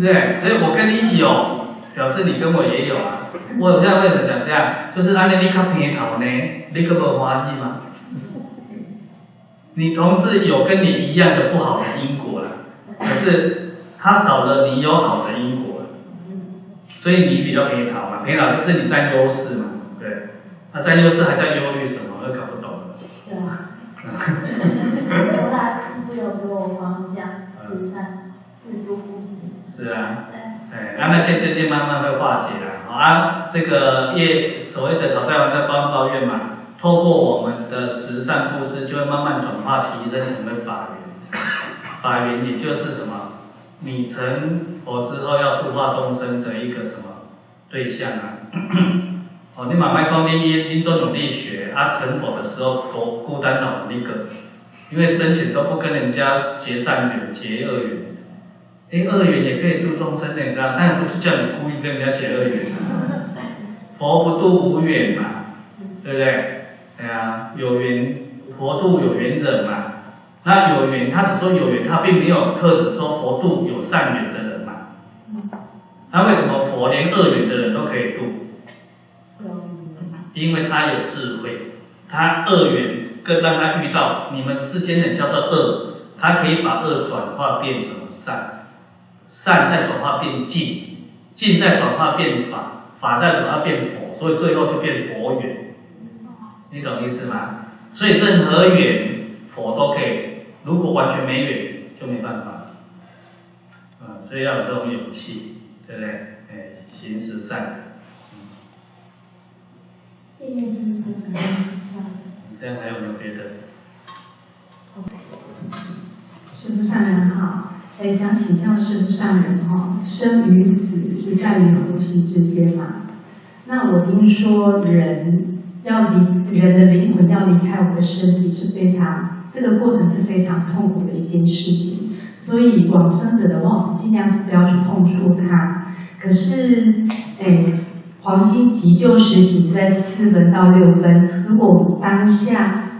對，所以我跟你有。表示你跟我也有啊，嗯，我現在為什麼講這樣？就是他那邊靠平衡呢，你個不歡喜嘛？你同事有跟你一樣的不好的因果了，可是他少了你有好的因果，所以你比較平衡嘛，平衡就是你佔優勢嘛，對？他佔優勢還在憂慮什麼？我搞不懂。對啊。哈哈哈有給我方向，慈善自助扶貧。是啊。哎，啊，那些漸漸慢慢會化解了。啊，這個業，所謂的討債還債報恩報怨嘛，透過我們的十善布施就會慢慢轉化提升成為法緣。法緣也就是什麼，你成佛之後要度化眾生的一個什麼對象啊。咳咳哦，你買賣光天夜定做努力學，啊，成佛的時候多孤單到那個，因為生前都不跟人家結善緣、結惡緣。哎，惡緣也可以度眾生的，你知道？但不是叫你故意跟人家結惡緣。佛不度無緣嘛，對不對？對啊，有緣，佛度有緣人嘛。那有緣，他只說有緣，他並沒有特指說佛度有善緣的人嘛。那為什麼佛連惡緣的人都可以度？因為他有智慧，他惡緣更讓他遇到你們世間人叫做惡，他可以把惡轉化變成善。善在轉化變淨，淨在轉化變法，法在轉化變佛，所以最後就變佛緣。你懂意思嗎？所以任何緣佛都可以，如果完全沒緣就沒辦法。嗯、啊，所以要有這種勇氣，對不對？哎，行是善的。地藏菩薩感應菩薩。這樣來，我、嗯、是不是善良好。誒，想請教師父上人哈，生與死是在於呼吸之間嘛？那我聽說人要離人的靈魂要離開我們的身體是非常，這個過程是非常痛苦的一件事情，所以往生者的話我們儘量是不要去碰觸它。可是誒，黃金急救時期在四分到六分，如果我們當下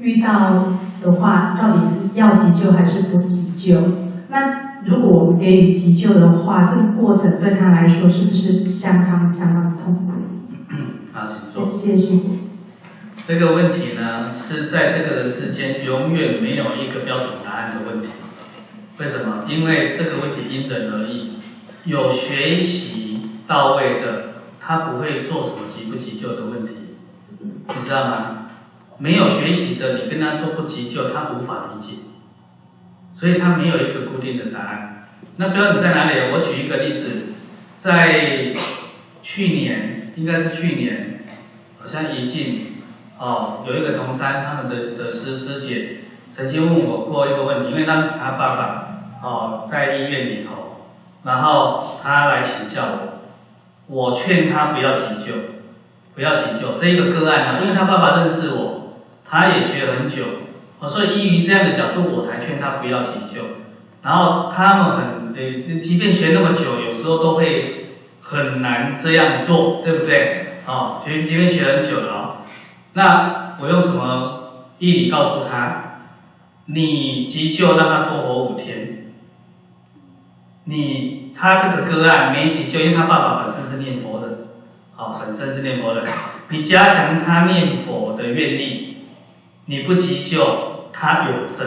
遇到的話，到底是要急救還是不急救？那如果我們給予急救的話，這個過程對他來說是不是相當相當的痛苦？嗯好，那請坐。謝謝，謝謝。這個問題呢，是在這個人世間永遠沒有一個標準答案的問題。為什麼？因為這個問題因人而異。有學習到位的，他不會做什麼急不急救的問題，你知道嗎？沒有學習的，你跟他說不急救，他無法理解。所以他沒有一個固定的答案。那標準在哪裡？我舉一個例子，在去年，應該是去年，好像已經，哦，有一個同參他們的的師師姐曾經問我過一個問題，因為他他爸爸哦在醫院裡頭，然後他來請教我，我勸他不要急救，不要急救。這一個個案呢、啊，因為他爸爸認識我，他也學很久。哦、所以，依於這樣的角度，我才勸他不要急救。然後他們很呃，即便學那麼久，有時候都會很難這樣做，對不對？哦，學即便學很久了，那我用什麼義理告訴他？你急救讓他多活五天，你他這個個案沒急救，因為他爸爸本身是念佛的，好、哦，本身是念佛的，你加強他念佛的願力。你不急救，他永生；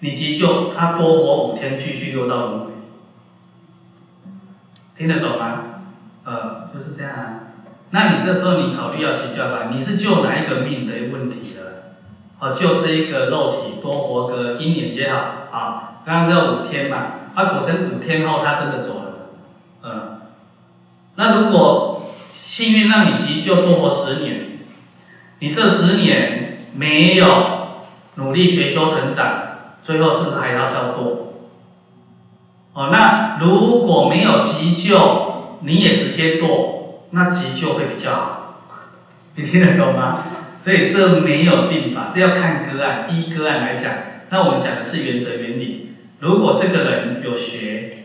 你急救，他多活五天，繼續又到輪迴。聽得懂嗎？呃、嗯，就是這樣啊。那你這時候你考慮要急救吧，你是救哪一個命的問題了？哦、啊，救這一個肉體多活個一年也好，啊，剛剛叫五天嘛。他、啊、果真五天後他真的走了，嗯。那如果幸運讓你急救，多活十年。你這十年沒有努力學修成長，最後是不是還要修墮？哦，那如果沒有急救，你也直接墮，那急救會比較好。你聽得懂嗎？所以這沒有定法，這要看個案，依個案來講。那我們講的是原則原理。如果這個人有學，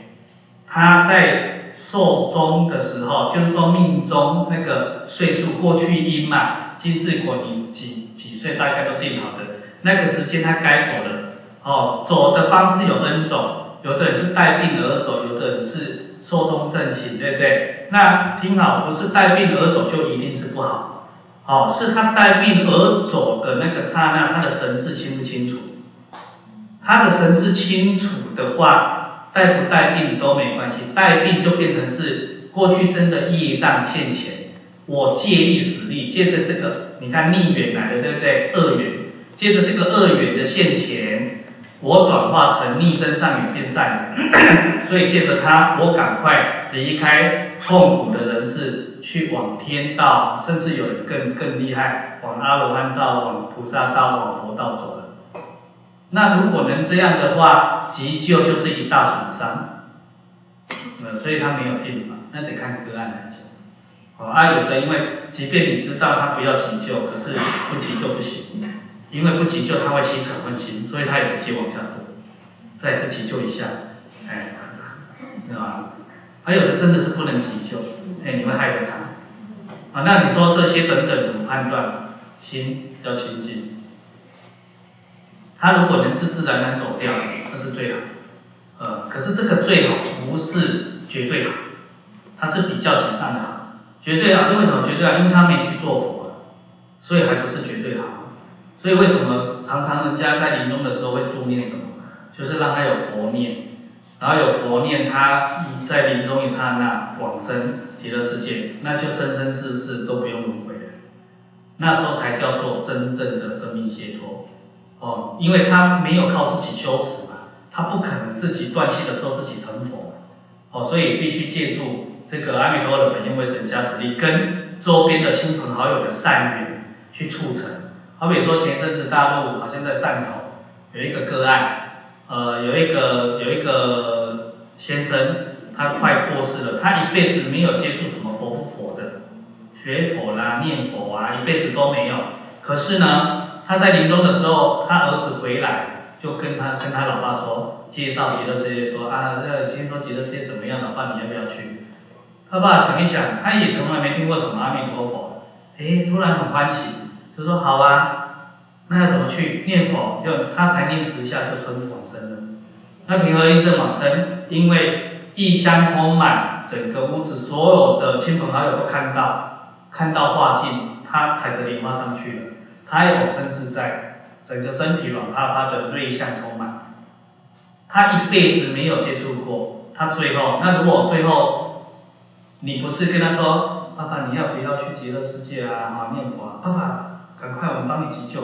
他在壽終的時候，就是說命中那個歲數過去已滿。金志國，你幾幾歲？大概都定好的那個時間，他該走了。哦，走的方式有 N 種，有的人是帶病而走，有的人是壽終正寢，對不對？那聽好，不是帶病而走就一定是不好，哦，是他帶病而走的那個剎那，他的神識清不清楚？他的神識清楚的話，帶不帶病都沒關係，帶病就變成是過去生的業障現前。我借力使力，借着這個，你看逆緣來的，對不對？惡緣，借着這個惡緣的現前，我轉化成逆增上緣變善緣， *coughs* 所以借着它，我趕快離開痛苦的人世，去往天道，甚至有更更厲害，往阿羅漢道、往菩薩道、往佛道走了。那如果能這樣的話，急救就是一大損傷，呃、嗯，所以他沒有定法，那得看個案來講。啊，有的，因為即便你知道他不要急救，可是不急救不行，因為不急救他會起瞋恨心，所以他也直接往下墮。再次急救一下，哎，對吧？還有的真的是不能急救，哎，你會害了他。啊，那你說這些等等怎麼判斷？心要清淨。他如果能自自然然走掉，那是最好。呃，可是這個最好、哦、不是絕對好，它是比較極善的好。絕對啊，因為什麼？絕對啊，因為他沒去做佛啊，所以還不是絕對好。所以為什麼常常人家在臨終的時候會助念什麼？就是讓他有佛念，然後有佛念，他在臨終一剎那往生極樂世界，那就生生世世都不用輪迴了。那時候才叫做真正的生命解脫哦，因為他沒有靠自己修持嘛，他不可能自己斷氣的時候自己成佛，哦，所以必須借助。這個阿彌陀佛本願威神加持力，跟周邊的親朋好友的善緣去促成。好比說前一陣子大陸好像在汕頭有一個個案，呃，有一個有一個先生，他快過世了，他一輩子沒有接觸什麼佛不佛的，學佛啦、啊、念佛啊，一輩子都沒有。可是呢，他在臨終的時候，他兒子回來，就跟他跟他老爸說，介紹極樂世界說啊，要介說極樂世界怎麼樣，老爸你要不要去？他爸想一想，他也從來沒聽過什麼阿彌陀佛，哎、欸，突然很歡喜，就說好啊，那要怎麼去念佛？就他才念十下就純往生了。那憑何印證往生，因為異香充滿整個屋子，所有的親朋好友都看到，看到化境，他踩着蓮花上去了，他也往生自在，整個身體軟趴趴的，瑞相充滿。他一輩子沒有接觸過，他最後，那如果最後。你不是跟他說，爸爸，你要不要去極樂世界啊？啊，念佛啊，爸爸，趕快我們幫你急救。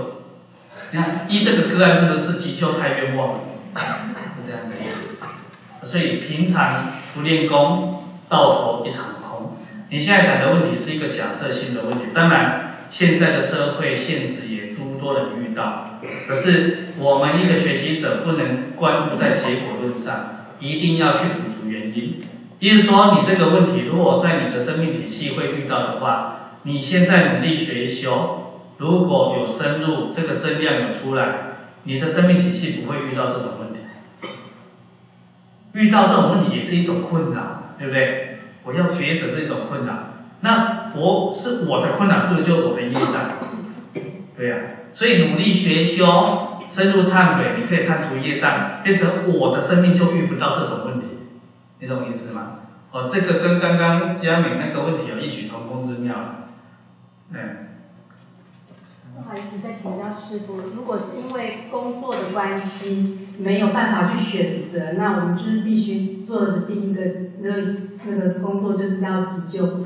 你看，依這個個案真的是，急救太冤枉了，是這樣的意思。所以平常不練功，到頭一場空。你現在講的問題是一個假設性的問題，當然現在的社會現實也諸多人遇到，可是我們一個學習者不能關注在結果論上，一定要去找出原因。也就說，你這個問題如果在你的生命體系會遇到的話，你現在努力學修，如果有深入這個正量有出來，你的生命體系不會遇到這種問題。遇到這種問題也是一種困難，對不對？我要覺察這種困難。那我是我的困難，是不是就我的業障？對呀、啊，所以努力學修，深入懺悔，你可以懺除業障，變成我的生命就遇不到這種問題。你懂我意思嗎？哦，這個跟剛剛嘉美那個問題有異曲同工之妙。對。不好意思，再請教師父，如果是因為工作的關係沒有辦法去選擇，那我們就是必須做的第一個那那個工作就是要急救，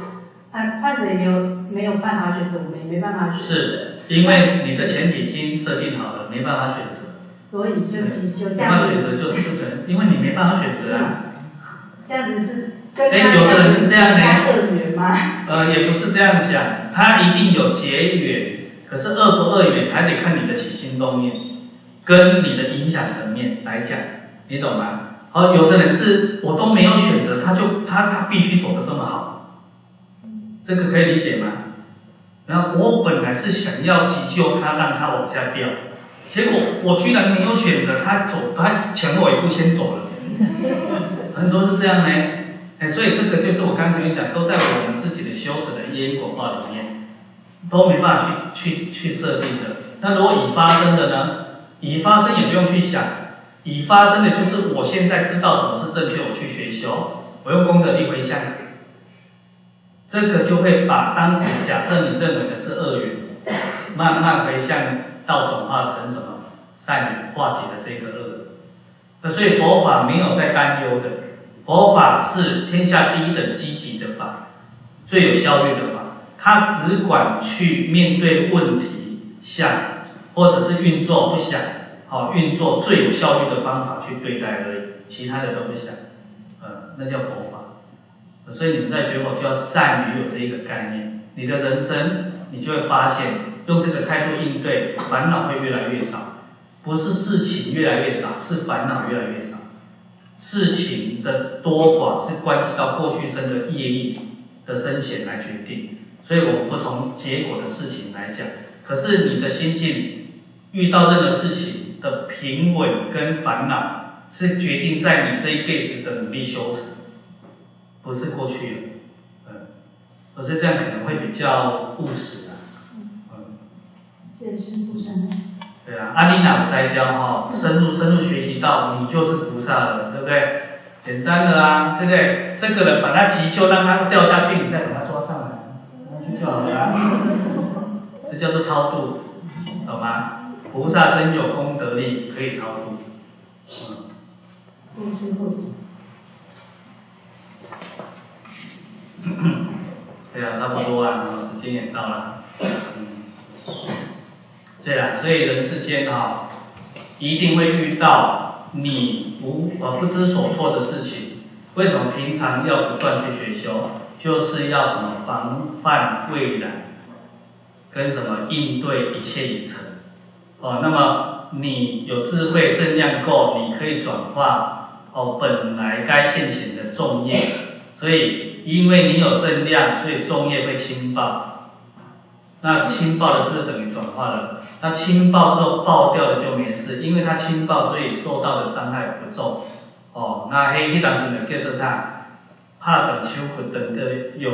哎、啊，患者也沒有沒有辦法選擇，我們也沒辦法選擇。是，因為你的前提已經設計好了，沒辦法選擇。嗯、所以就急救。這樣沒辦法選擇就就因為你沒辦法選擇啊。嗯這樣子是跟他這樣子結善緣嗎？欸，有的人是這樣欸。呃，也不是這樣講，他一定有結緣，可是惡不惡緣還得看你的起心動念，跟你的影響層面來講，你懂嗎？好，有的人是我都沒有選擇，他就他他必須走得這麼好，這個可以理解嗎？然後我本來是想要急救他，讓他往下掉，結果我居然沒有選擇他走，他搶我一步先走了。 *laughs* 很多是這樣呢、欸，哎、欸，所以這個就是我剛才跟你講，都在我們自己的修持的因果報裡面，都沒辦法去去去設定的。那如果已發生的呢？已發生也不用去想，已發生的就是我現在知道什麼是正確，我去學修，我用功德力回向，這個就會把當時假設你認為的是惡緣，慢慢回向到轉化成什麼善緣，化解的這個惡。所以佛法沒有在擔憂的，佛法是天下第一等積極的法，最有效率的法，它只管去面對問題想，或者是運作不想，好運作最有效率的方法去對待而已，其他的都不想，呃，那叫佛法。所以你們在學佛就要善於有這一個概念，你的人生你就會發現，用這個態度應對煩惱會越來越少。不是事情越來越少，是煩惱越來越少。事情的多寡是關係到過去生的業力的深淺來決定，所以我們不從結果的事情來講。可是你的心境，遇到任何事情的平穩跟煩惱，是決定在你這一輩子的努力修持，不是過去。嗯，可是這樣可能會比較務實啊。嗯，謝謝師父上人。對啊，阿尼哪不摘掉哈？深入深入學習到，你就是菩薩了，對不對？簡單的啊，對不對？這個人把他急救，讓他掉下去，你再把他抓上來。他去掉啊， *laughs* 這叫做超度，懂嗎？菩薩真有功德力，可以超度。嗯。是師父。對啊，差不多啊，然後時間也到了。嗯。對啦、啊，所以人世間哈、哦，一定會遇到你不，呃，不知所措的事情。為什麼平常要不斷去學修？就是要什麼防範未然，跟什麼應對一切已成。哦，那麼你有智慧正量夠，你可以轉化哦本來該現行的重業。所以因為你有正量，所以重業會輕報。那輕報的是不是等於轉化了？那輕爆之後爆掉了就沒事，因為它輕爆，所以受到的傷害不重。哦，那黑氣當中呢，可以說怕等秋可等得用。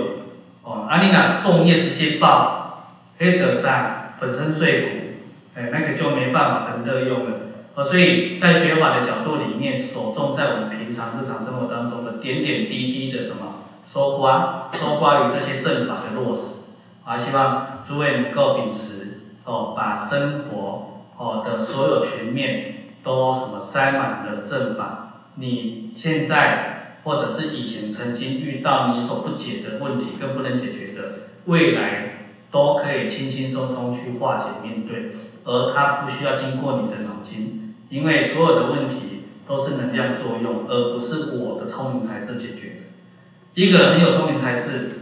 哦，阿彌哪重業直接爆，黑等上粉身碎骨，哎，那個就沒辦法等得用了。哦、啊，所以在學法的角度裡面，所重在我們平常日常生活當中的點點滴滴的什麼收穫，都關於這些正法的落實。啊，希望諸位能夠秉持。哦，把生活哦的所有全面都什麼塞滿了正法，你現在或者是以前曾經遇到你所不解的問題，跟不能解決的，未來都可以輕輕鬆鬆去化解面對，而它不需要經過你的腦筋，因為所有的問題都是能量作用，而不是我的聰明才智解決的。一個沒有聰明才智，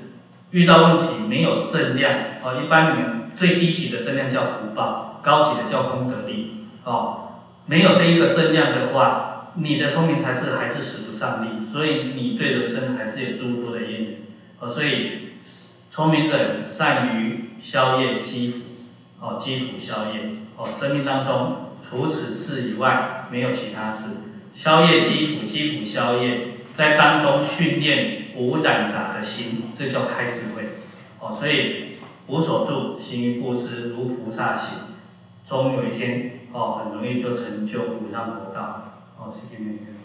遇到問題沒有正量哦，一般人最低級的增量叫福報，高級的叫功德力。哦，沒有這一個增量的話，你的聰明才智還是使不上力，所以你對人生還是有諸多的陰影。哦，所以聰明的人善於消業積福，哦，積福消業，哦，生命當中除此事以外沒有其他事。消業積福，積福消業，在當中訓練無染雜的心，這叫開智慧。哦，所以。無所住，行於布施，如菩薩行，終有一天，哦，很容易就成就無上佛道，哦，謝謝每一位。